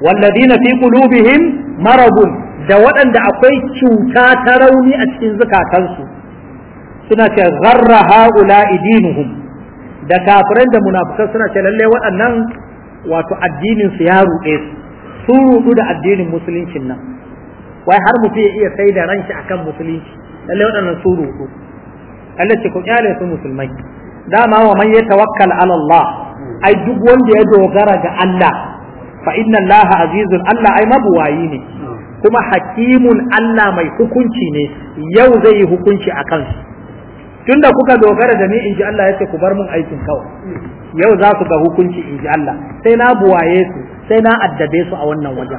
S1: والذين fi qulubihim maradun da waɗanda akwai cuta ta rauni a cikin zukatansu suna ce gharra haula idinuhum da kafiran da munafikan suna ce lalle waɗannan wato addinin su ya ruɗe su sun ruɗu da addinin musuluncin nan wai har mutum ya iya sai da ranshi akan musulunci lalle waɗannan sun ruɗu Lalle ce ku kyale su musulmai dama wa man yatawakkal ala Allah ai duk wanda ya dogara ga Allah fa inna Allah azizun Allah ai mabuwayi ne kuma hakimun Allah mai hukunci ne yau zai yi hukunci a kansu tunda kuka dogara da ni in ji Allah ya ce ku bar mun aikin kawai yau za ku ga hukunci in ji Allah sai na buwaye su sai na addabe su a wannan wajen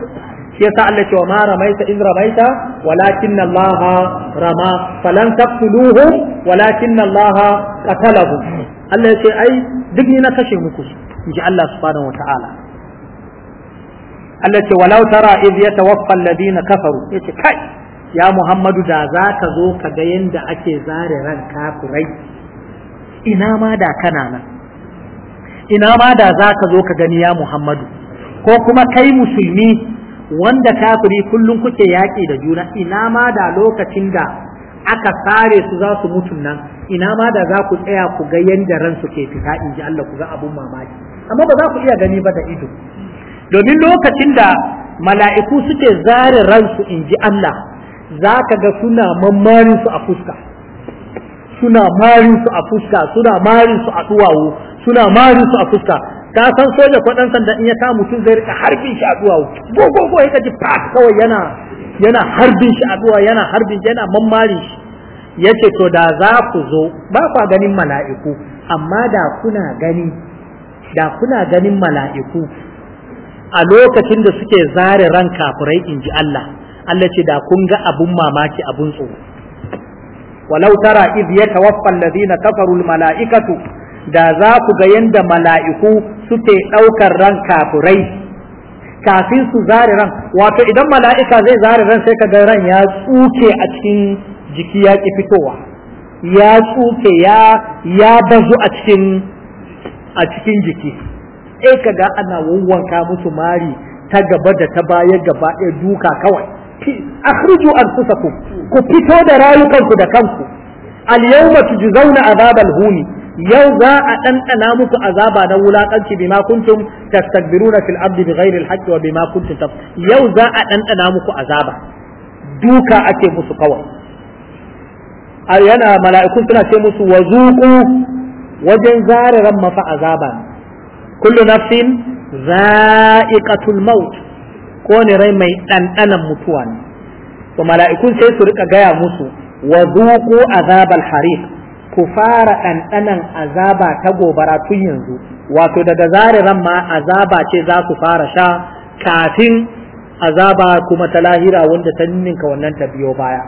S1: shi yasa Allah ce wa ma ramaita in ramaita walakin Allah rama falan taqtuluhu walakin Allah
S3: qatalahu Allah ya
S1: ce ai duk ni na kashe muku in ji Allah subhanahu wataala Allah ce walau tara iz yatawaffa alladhina kafaru yace kai ya Muhammadu da za ka zo ka ga yanda ake zare ran kafirai ina ma da kana nan ina ma da za ka zo ka gani ya Muhammadu ko kuma kai musulmi wanda kafiri kullum kuke yaki da juna ina ma da lokacin da aka sare su za su mutun nan ina ma da za ku tsaya ku ga yanda ran su ke fita in ji Allah ku ga abun mamaki amma ba za ku iya gani ba da ido domin lokacin da mala'iku suke zare ransu in ji Allah za ka ga suna mamarin su a fuska suna marin su a fuska suna marin su a duwawu suna marin su a fuska ka san soja ko sanda in ya ta mutum zai rika harbin shi a duwawu go go go yake ji kawai yana yana harbin shi a duwawu yana harbin shi yana mamarin shi yace to da za ku zo ba kwa ganin mala'iku amma da kuna gani da kuna ganin mala'iku a lokacin da suke zare ran kafirai in ji Allah Allah ce da kun ga abun mamaki abun tsoro walau tara iz yatawaffa alladhina kafaru almalaikatu da za ku ga yanda mala'iku suke daukar ran kafirai kafin su zare ran wato idan mala'ika zai zare ran sai ka ga ran ya tsuke a cikin jiki ya ki fitowa ya tsuke ya ya bazu a cikin a cikin jiki sai ka ga ana wawwanka musu mari ta gaba da ta baya gaba ɗaya duka kawai akhruju anfusakum ku fito da rayukanku da kanku al yawma tujzauna azabal huni yau za a ɗanɗana muku azaba na wulaƙanci bima kuntum tastakbiruna fil ardi bighairi al haqqi wa bima kuntum taf yau za a ɗanɗana muku azaba duka ake musu kawai a yana mala'ikun suna ce musu wazuku wajen zare ran mafa azaba kullu nafsin za'iqatul maut ko ne rai mai ɗanɗanan mutuwan, ne mala'ikun sai su rika gaya musu wa zuqu azabal harif ku fara ɗanɗanan azaba ta gobara tun yanzu wato daga zariran ma azaba ce za su fara sha kafin azaba kuma ta lahira wanda ta ninka wannan ta biyo baya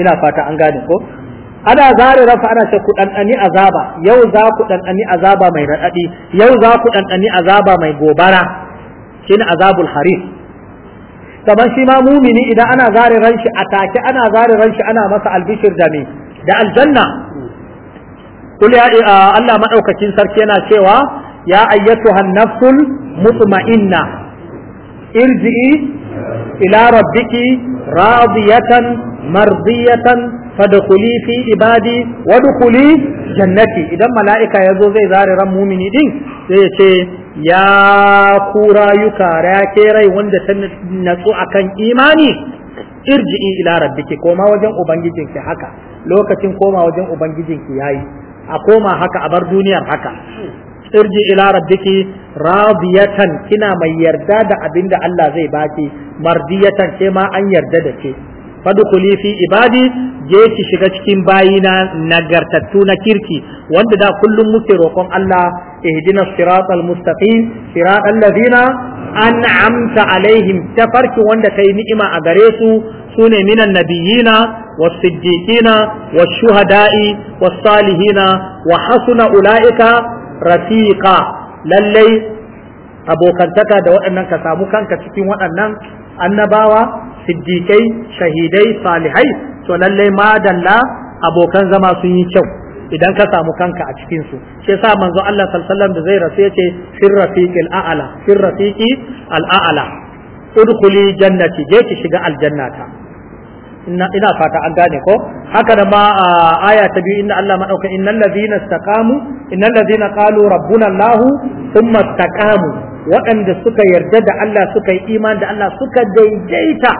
S1: ina fata an gane ko ana zare rafa ana ce ku ɗanɗani azaba yau za ku ɗanɗani azaba mai radadi yau za ku ɗanɗani azaba mai gobara shine azabul harif kamar shi ma mumini idan ana zare ran shi a take ana zare ran shi ana masa albishir da me da aljanna kul ya Allah madaukakin sarki yana cewa ya ayyatuhan nafsul mutma'inna irji'i ila rabbiki radiyatan mardiyatan fadkhuli fi ibadi wadkhuli jannati idan mala'ika yazo zai zare ran mumini din sai ya ce ya ku rayuka rake rai wanda ta natsu akan imani irji'i ila rabbiki koma wajen ubangijinki haka lokacin koma wajen ubangijinki yayi a koma haka a bar duniyar haka irji ila rabbiki radiyatan kina mai yarda da abinda Allah zai baki mardiyatan ke ma an yarda da ke fadkhuli fi ibadi je ki shiga cikin bayina nagartattu na kirki wanda da kullum muke roƙon Allah ihdina siratal mustaqim siratal ladina an'amta alaihim tafarki wanda ta yi ni'ima a garesu sune minan nabiyina was-siddiqina wash-shuhada'i was wa hasuna ulaika Rafika lallai abokantaka da waɗannan ka kanka cikin waɗannan annabawa siddiƙai shahidai salihai to lallai madalla abokan zama sun yi kyau idan ka samu kanka a cikin su shi yasa manzo Allah sallallahu da zai rasu yace fir rafiqil al'ala, fir rafiqi al a'la udkhuli jannati je ki shiga aljannata ina fata an gane ko haka da ma a aya ta biyu inna Allah madauka innal ladhina istaqamu innal ladhina qalu rabbuna Allah thumma istaqamu waɗanda suka yarda da Allah suka yi iman da Allah suka daidaita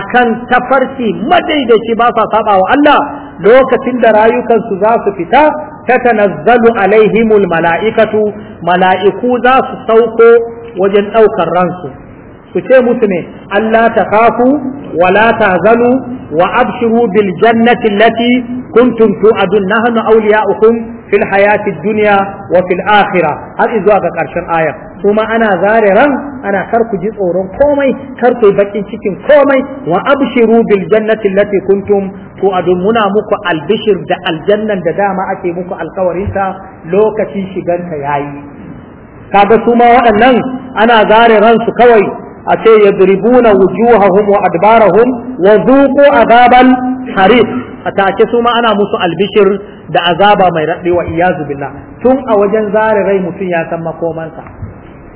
S1: akan tafarki madaidaici ba sa saba wa Allah lokacin da rayukansu za su fita tatanazzalu alaihimul mala'ikatu mala'iku za su sauko wajen ɗaukar ransu su ce musu ne Allah ta kafu wa la zanu wa abshiru bil jannati allati kuntum tu'adun nahnu awliya'ukum fil hayati dunya wa fil akhirah har zuwa ga karshen ayar kuma ana zare ran ana kar ku ji tsoron komai kar ku bakin cikin komai wa abshiru bil jannati allati kuntum tu'adun muna muku albishir da aljannan da dama ake muku alkawarinta lokacin shiganta yayi kaga su ma waɗannan ana zare ransu kawai a ce yadribuna wujuhahum wa hun wa dhuqu azaban harib a take su ma ana musu albishir da azaba mai raɗewa wa iyazu billa tun a wajen zare rai mutum ya san makomansa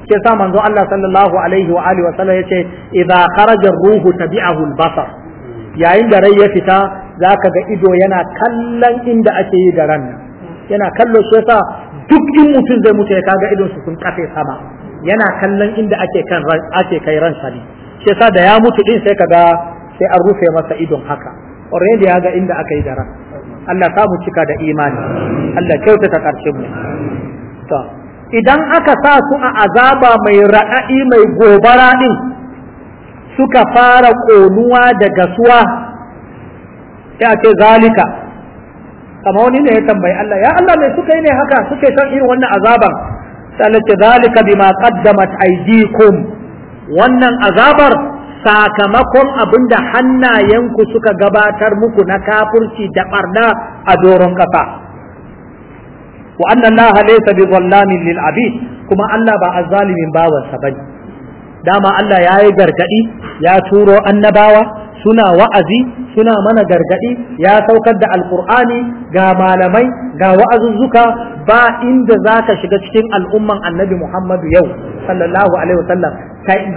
S1: ke sa manzo Allah sallallahu alaihi wa alihi wa sallam yace idza kharaja ruhu tabi'ahu al-basar yayin da rai ya fita zaka ga ido yana kallon inda ake yi da ran yana kallo shi yasa duk in mutum zai mutu ya kaga idon su sun kafe sama yana kallon inda ake kan ake kai ransa ne shi yasa da ya mutu din sai kaga sai an rufe masa idon haka already ya ga inda aka yi da Allah ta mu cika da imani Allah kyautata karshe mu to idan aka sa su a azaba mai raɗaɗi mai gobara din suka fara konuwa da gasuwa sai a ce zalika Kamar wani ne ya tambayi Allah ya Allah mai suka yi ne haka suke son irin wannan azaban talace zalika bima qaddamat aydikum wannan azabar sakamakon abinda hannayenku suka gabatar muku na kafirci da barna a doron ƙasa. wa anna allaha laysa bi dhallamin lil abid kuma Allah ba azzalimin bawansa bane dama Allah ya yi gargadi ya turo annabawa suna wa'azi suna mana gargadi ya saukar da alkur'ani ga malamai ga wa'azuzzuka ba inda za ka shiga cikin al'umman annabi muhammadu yau sallallahu alaihi wasallam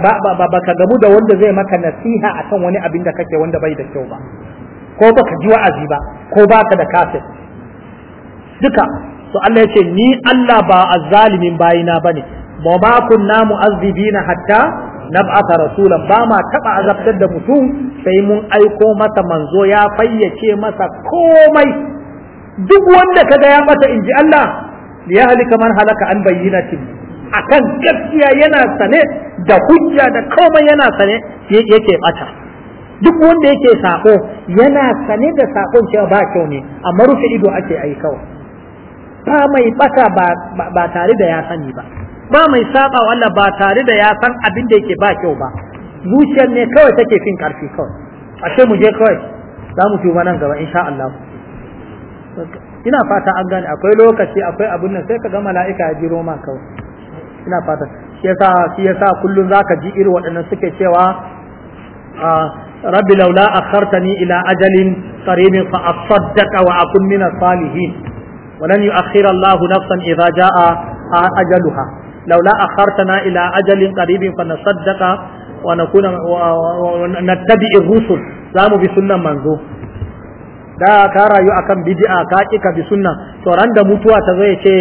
S1: ba ba ka gamu da wanda zai maka nasiha akan wani abin da kake wanda bai da kyau ba ko ka ji wa'azi ba ko ka da kafin? duka to Allah ya ce ni Allah ba azzalimin bayina bane ba ma kunna mu'azzibina hatta nab'atha rasulan ba ma taba azabtar da mutum sai mun aiko masa manzo ya fayyace masa komai duk wanda kaga ya mata inji Allah ya yahlika man halaka an bayyinati akan gaskiya yana sane da hujja da komai yana sane yake bata duk wanda yake sako yana sane da sakon cewa ba kyau ne amma rufe ido ake aikawa ba mai bata ba tare da ya sani ba ba mai saba wa Allah ba tare da ya san abin da yake ba kyau ba zuciyar ne kawai take fin karfi kawai ashe mu je kawai za mu tuba nan gaba insha Allah ina fata an gane akwai lokaci akwai abun nan sai ka ga mala'ika ya jiro ma kawai ina fata shi yasa shi yasa kullun zaka ji irin waɗannan suke cewa ah, rabbi laula akhartani ila ajalin qaribin fa asaddaqa wa akun min as-salihin ولن يؤخر الله نفسا إذا جاء أجلها laula akhartana ila ajalin qaribin fa nasaddaqa wa nakuna nattabi'ir rusul zamu bi sunnan manzo da ka rayu akan bid'a ka ƙi ka bi sunna to ran da mutuwa ta zai ce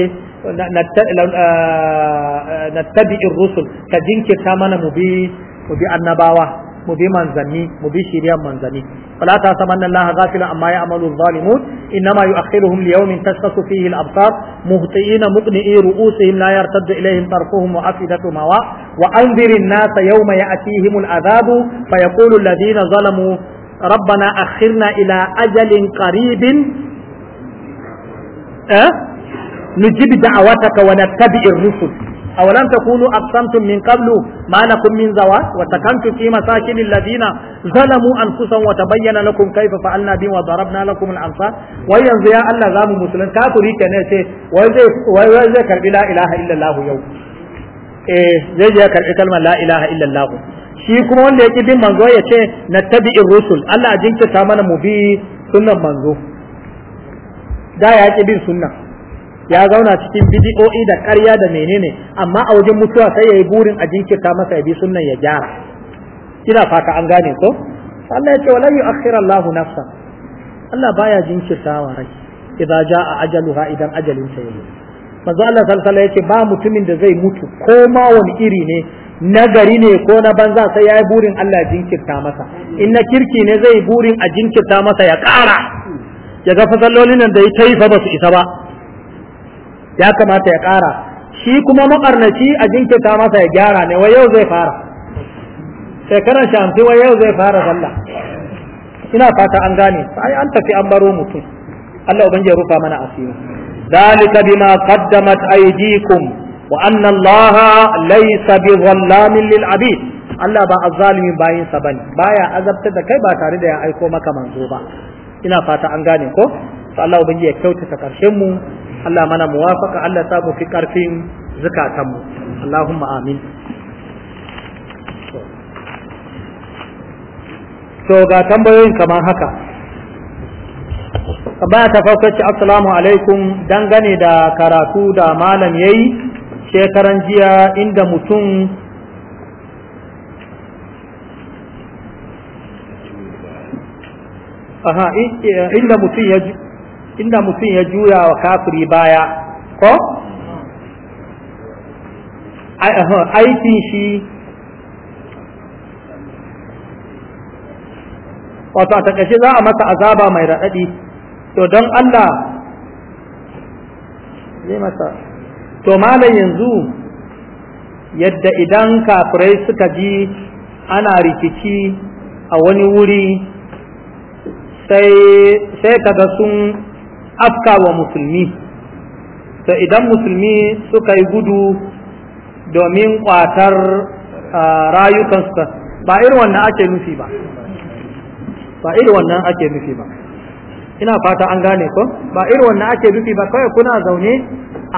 S1: nattabi'ir rusul ka jinkirta mana mu bi mu bi annabawa مبي منزني مبي شريا منزني فلا تأسمن الله غافلا أما يعمل الظالمون إنما يؤخرهم ليوم تشخص فيه الأبصار مهتئين مقنئي رؤوسهم لا يرتد إليهم طرفهم وأفئدة مواء وأنذر الناس يوم يأتيهم العذاب فيقول الذين ظلموا ربنا أخرنا إلى أجل قريب أه؟ نجيب دعوتك ونتبع الرسل awalam takunu aqsamtum min qablu ma lakum min zawat wa takantu fi masakin alladhina zalamu anfusahum wa tabayyana lakum kayfa fa'alna bi wa darabna lakum al-amsal wai yanzu ya Allah zamu musulun kafiri kenan ce wai zai illallah yau eh zai je karbi kalmar la ilaha illallah shi kuma wanda yake bin manzo ya ce nattabi'ir rusul Allah jinkirta mana mu bi sunnan manzo da ya ƙi bin sunna ya zauna cikin bidi'o'i da ƙarya da menene amma a wajen mutuwa sai ya yi burin a jinkirta masa ya bi sunan ya gyara ina fata an gane ko Allah ya ce wala yu'akhiru Allahu nafsan Allah baya jinkirtawa rai idan jaa ajaluha idan ajalin ta yayi manzo Allah sallallahu alaihi yake ba mutumin da zai mutu ko ma wani iri ne nagari ne ko na banza sai ya yi burin Allah jinkirta masa in na kirki ne zai burin a jinkirta masa ya ƙara ya ga fasallolin nan da ya yi fa ba su isa ba ya kamata ya ƙara shi kuma maƙarnaci a jinkirta masa ya gyara ne wai yau zai fara Shekarar shamsi wai yau zai fara sallah ina fata an gane ai an tafi an baro mutum Allah ubangiji ya rufa mana asiri dalika bima qaddamat aydikum wa anna Allah laysa bizallamin lil abid Allah ba azzalimin bayin sa bane baya azabtar da kai ba tare da ya aiko maka manzo ba ina fata an gane ko to Allah ubangiji ya kyautata karshen mu Allah mana muwafaka Allah ta mu fi karfin zukatanmu Allahumma amin to ga tambayoyin kamar haka ba ta farko ce assalamu alaikum dangane da karatu da malam yayi shekaran jiya inda mutum aha eh, inda mutum ya inda mutum ya juya wa kafiri baya ko aikin shi wato a takashe za a masa azaba mai raɗaɗi to don Allah zai masa to malam yanzu yadda idan kafirai suka ji ana rikici a wani wuri sai ka ga sun afka wa musulmi to idan musulmi suka yi gudu domin kwatar rayukansu ba irin wannan ake nufi ba ba irin wannan ake nufi ba ina fata an gane ko ba irin wannan ake nufi ba kawai kuna zaune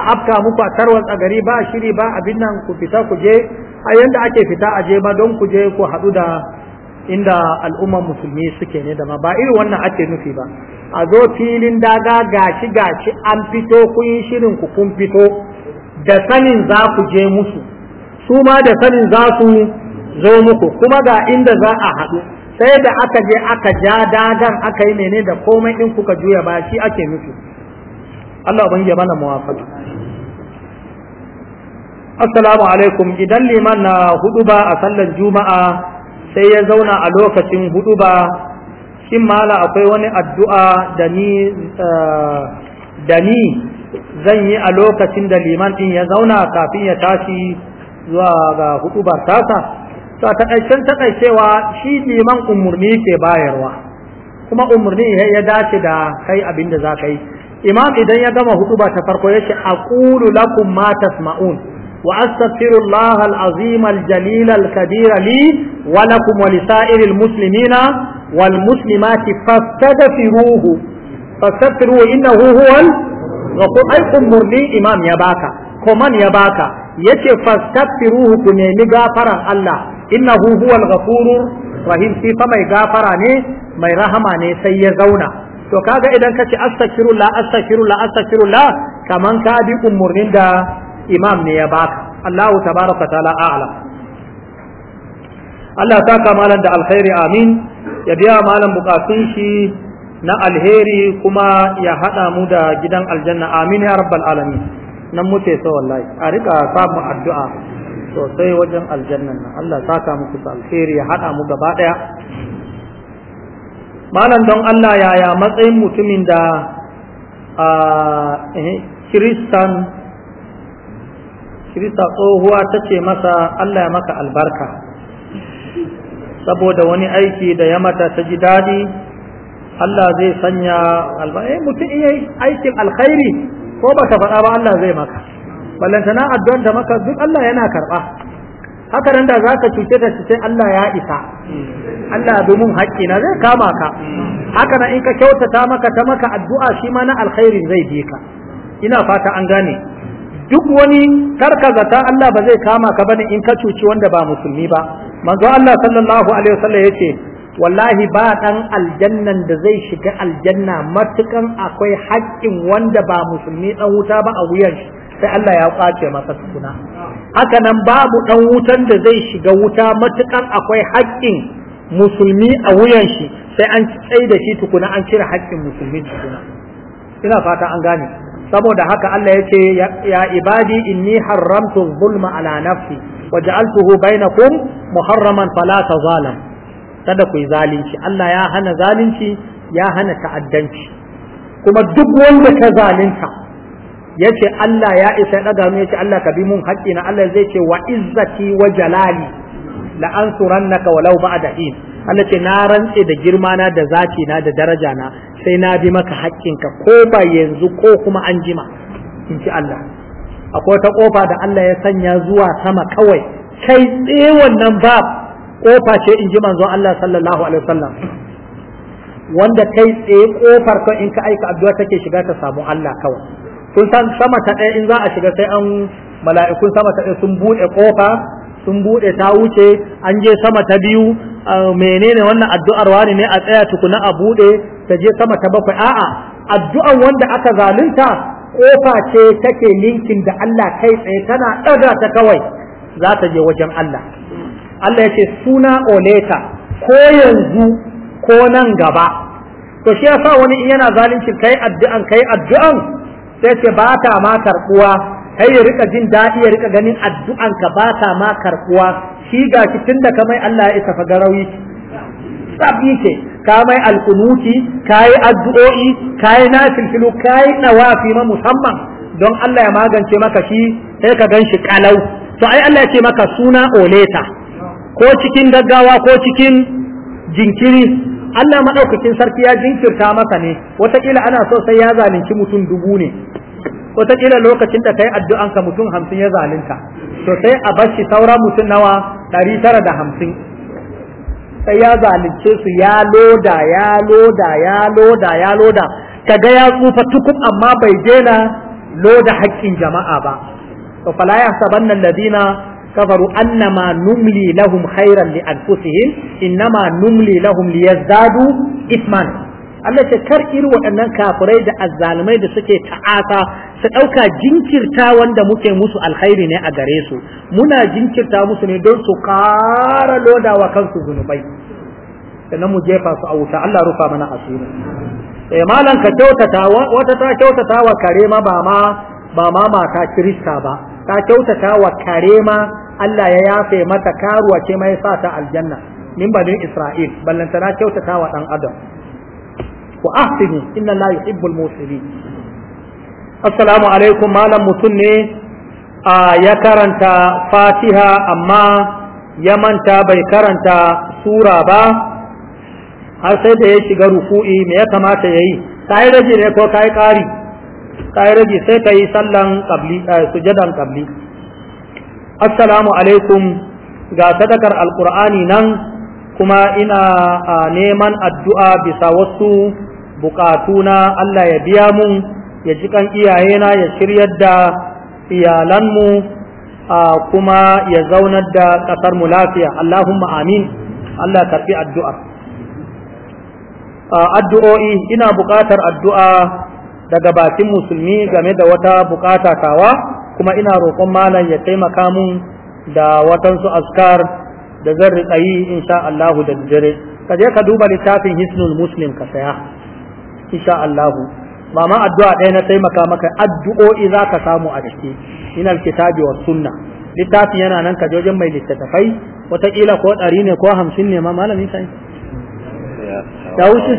S1: a afka muku a tarwatsa gari ba shiri ba abin nan ku fita ku je a yanda ake fita a je ba don ku je ku haɗu da inda al'ummar musulmi suke ne da ma ba irin wannan ake nufi ba a zo filin daga gashi gashi an fito kun yi shirin ku kun fito da sanin za ku je musu su ma da sanin za su zo muku kuma ga inda za a haɗu sai da aka je aka ja dagan aka yi mene da komai ɗin kuka juya ba shi ake nufi Allah ban yi mana muwafaka Assalamu alaikum idan liman na hudu ba a sallar juma'a sai ya zauna a lokacin hudu ba shin mala akwai wani addu'a eh, da ni zan yi a lokacin da liman din ya zauna kafin ya tashi zuwa ga hudu ba tasa to a takaicen takaicewa shi liman umarni ke bayarwa kuma umarni ya dace da kai abin da za ka yi imam idan ya gama hudu ba ta farko ya ce aqulu lakum ma tasma'un وأستغفر الله العظيم الجليل الكبير لي ولكم ولسائر المسلمين والمسلمات فاستغفروه فاستغفروه إنه هو الغفور أي قمر لي إمام يباكا كمان يباكا يتي فاستغفروه كنيمي غافرا الله إنه هو الغفور rahim shi fa mai gafara ne mai rahama ne sai ya zauna to kaga idan kace astaghfirullah astaghfirullah astaghfirullah kaman ka bi umurnin da imam ne ya baka Allahu tabaraka ta'ala a'lam Allah ta kamalan da alkhairi amin ya biya malam bukatun shi na alheri kuma ya hada mu da gidan aljanna amin ya rabbal alamin nan muke so wallahi a rika samu addu'a sosai wajen aljannan nan Allah saka muku alheri ya hada mu gaba daya malam don Allah yaya matsayin mutumin da a ah, Kiristan eh, kirista tsohuwa ta ce masa Allah ya maka albarka saboda wani aiki da ya mata ta ji daɗi Allah zai sanya albarka eh, mutum iya aikin alkhairi ko ba ka faɗa ba Allah zai maka ballantana addu'an da maka duk Allah yana karɓa haka nan da za ka cuce ta cuce Allah ya isa Allah bi mun haƙƙi na zai kama ka haka nan in ka kyautata maka ta maka addu'a shi ma na alkhairi zai bi ka ina fata an gane duk wani ta Allah ba zai kama ka bane in ka cuci wanda ba musulmi ba manzo Allah sallallahu alaihi wasallam yace wallahi ba dan aljannan da zai shiga aljanna matukan akwai haƙƙin wanda ba musulmi dan wuta ba a wuyan shi sai Allah ya kwace masa tukuna haka nan babu dan wutan da zai shiga wuta matukan akwai haƙƙin musulmi a wuyan shi sai an tsaye da shi tukuna an cire haƙƙin musulmi tukuna ina fata an gane saboda haka Allah ya ce ya ibadi inni haramtu zulma ala nafsi wa ja'altuhu bainakum muharraman fala tazalam kada ku yi zalunci Allah ya hana zalunci ya hana ta'addanci kuma duk wanda ka zalunta yace Allah ya isa daga mu yace Allah ka bi mun haƙƙi na Allah zai ce wa izzati wa jalali la ansurannaka walau ba'da hin Allah ce na rantse da girma na da zaki na da daraja na sai na bi maka haƙƙinka ko ba yanzu ko kuma an jima in ci Allah akwai wata kofa da Allah ya sanya zuwa sama kawai kai tsaye wannan ba kofa ce in ji manzon Allah sallallahu alaihi wasallam wanda kai tsaye kofar ka in ka aika addu'a take shiga ta samu Allah kawai kun san sama ta ɗaya in za a shiga sai an mala'ikun sama ta ɗaya sun buɗe ƙofa. sun bude ta wuce an je sama ta biyu menene wannan addu'ar wani ne a tsaya tukuna a bude ta je sama ta bakwai a'a addu'an wanda aka zalunta kofa ce take linkin da Allah kai tsaye tana ɗaga ta kawai za ta je wajen Allah Allah ya ce suna oleta ko yanzu ko nan gaba to shi yasa wani in yana zalunci kai addu'an kai addu'an sai ce ba ta ma karbuwa kai ya rika jin daɗi ya rika ganin addu'an ka ba ta ma karkuwa shi ga shi tun da kamai Allah ya isa fagarawi rauyi. sabi ke ka mai ka kayi addu'o'i kayi nafilfilu yi nawafi ma musamman don Allah ya magance maka shi sai ka gan shi kalau to ai Allah ya ce maka suna oleta ko cikin gaggawa ko cikin jinkiri Allah maɗaukacin sarki ya jinkirta maka ne wataƙila ana so sai ya zalunci mutum dubu ne wataƙila lokacin da kai addu'an ka mutum hamsin ya zalunta to sai a bashi saura mutum nawa ɗari tara da hamsin sai ya zalunce su ya loda ya loda ya loda ya loda ga ya tsufa tukun amma bai daina loda haƙƙin jama'a ba to fala yahsabanna alladhina kafaru annama numli lahum khairan li anfusihim innama numli lahum liyazdadu isman Allah ce kar iri waɗannan kafirai da azzalumai da suke ta'asa su ɗauka jinkirta wanda muke musu alkhairi ne a gare su muna jinkirta musu ne don su ƙara lodawa kansu zunubai sannan mu jefa su a wuta Allah rufa mana asiri eh malan ka kyautata wata ta kyautata wa kare ma ba ma ba ma mata kirista ba ta kyautata wa kare ma Allah ya yafe mata karuwa ce mai sa ta aljanna min bani Isra'il ballantana kyautata wa dan adam wa ahsinu inna la malam mutum ne a ya karanta fatiha amma ya manta bai karanta sura ba har sai da ya shiga ruku'i me ya kamata ya yi ka yi rage ne ko ka yi ƙari ka yi rage sai ka yi sallan sujadan ƙabli. assalamu alaikum ga sadakar alkur'ani nan kuma ina neman addu'a bisa wasu bukatuna Allah ya biya mun ya ji kan na ya shiryar da iyalanmu kuma ya zaunar da ƙasarmu mu lafiya Allahumma amin Allah karfi addu'ar addu'o'i ina buƙatar addu'a daga bakin musulmi game da wata buƙata tawa kuma ina roƙon malam ya taimaka mun da watansu askar da zan riƙa yi insha Allahu da dare ka je ka duba littafin hisnul muslim ka saya insha Allah mama addu'a ɗaya na taimaka maka addu'o'i za ka samu a ciki inal kitabi wa sunna littafi yana nan ka jojin mai littattafai watakila ko ɗari ne ko hamsin ne ma malamin sai ya wuce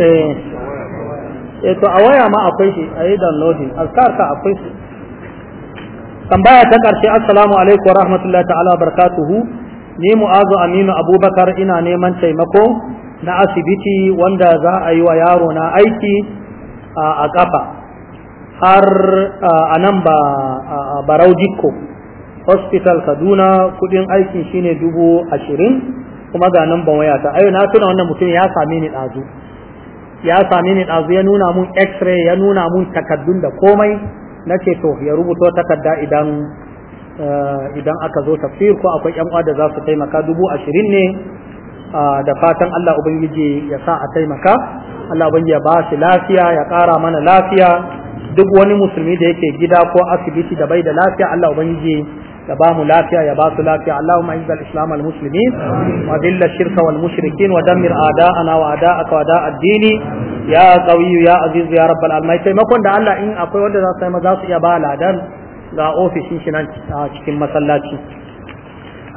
S1: eh. eh to a waya ma akwai shi a yi downloading azkar ka akwai shi tambaya ta ƙarshe, assalamu alaikum wa rahmatullahi ta'ala barakatuhu ni mu'azu aminu abubakar ina neman taimako na asibiti wanda za a yi wa yaro na aiki a kafa har a nan ba barau jikko hospital kaduna kudin aikin shine dubu ashirin kuma ga nan ban waya ta ayo na tuna wannan mutum ya sami ni ɗazu ya sami ni ɗazu ya nuna mun x-ray ya nuna mun takaddun da komai na ce to ya rubuto takarda idan eh, idan aka zo tafsir ko akwai yan uwa da za su taimaka dubu ashirin ne da fatan Allah ubangiji ya sa a taimaka Allah ubangiji ya ba su lafiya ya ƙara mana lafiya duk wani musulmi da yake gida ko asibiti da bai da lafiya Allah ubangiji ya ba mu lafiya ya ba su lafiya Allahumma izza al-islam al-muslimin wa dhilla shirka wal mushrikin wa dammir a'da'ana wa a'da'aka wa da'a ad-dini ya ya aziz ya rabbal alamin taimakon da Allah in akwai wanda za su yi za su iya ba ladan ga ofishin shi nan cikin masallaci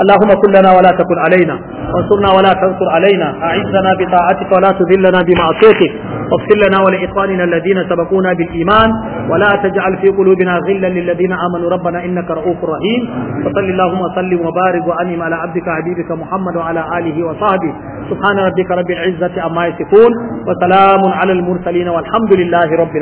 S1: اللهم كن لنا ولا تكن علينا وانصرنا ولا تنصر علينا أعزنا بطاعتك ولا تذلنا بمعصيتك واغفر لنا ولإخواننا الذين سبقونا بالإيمان ولا تجعل في قلوبنا غلا للذين آمنوا ربنا إنك رؤوف رحيم وصل اللهم وسلم وبارك وأنم على عبدك حبيبك محمد وعلى آله وصحبه سبحان ربك رب العزة عما يصفون وسلام على المرسلين والحمد لله رب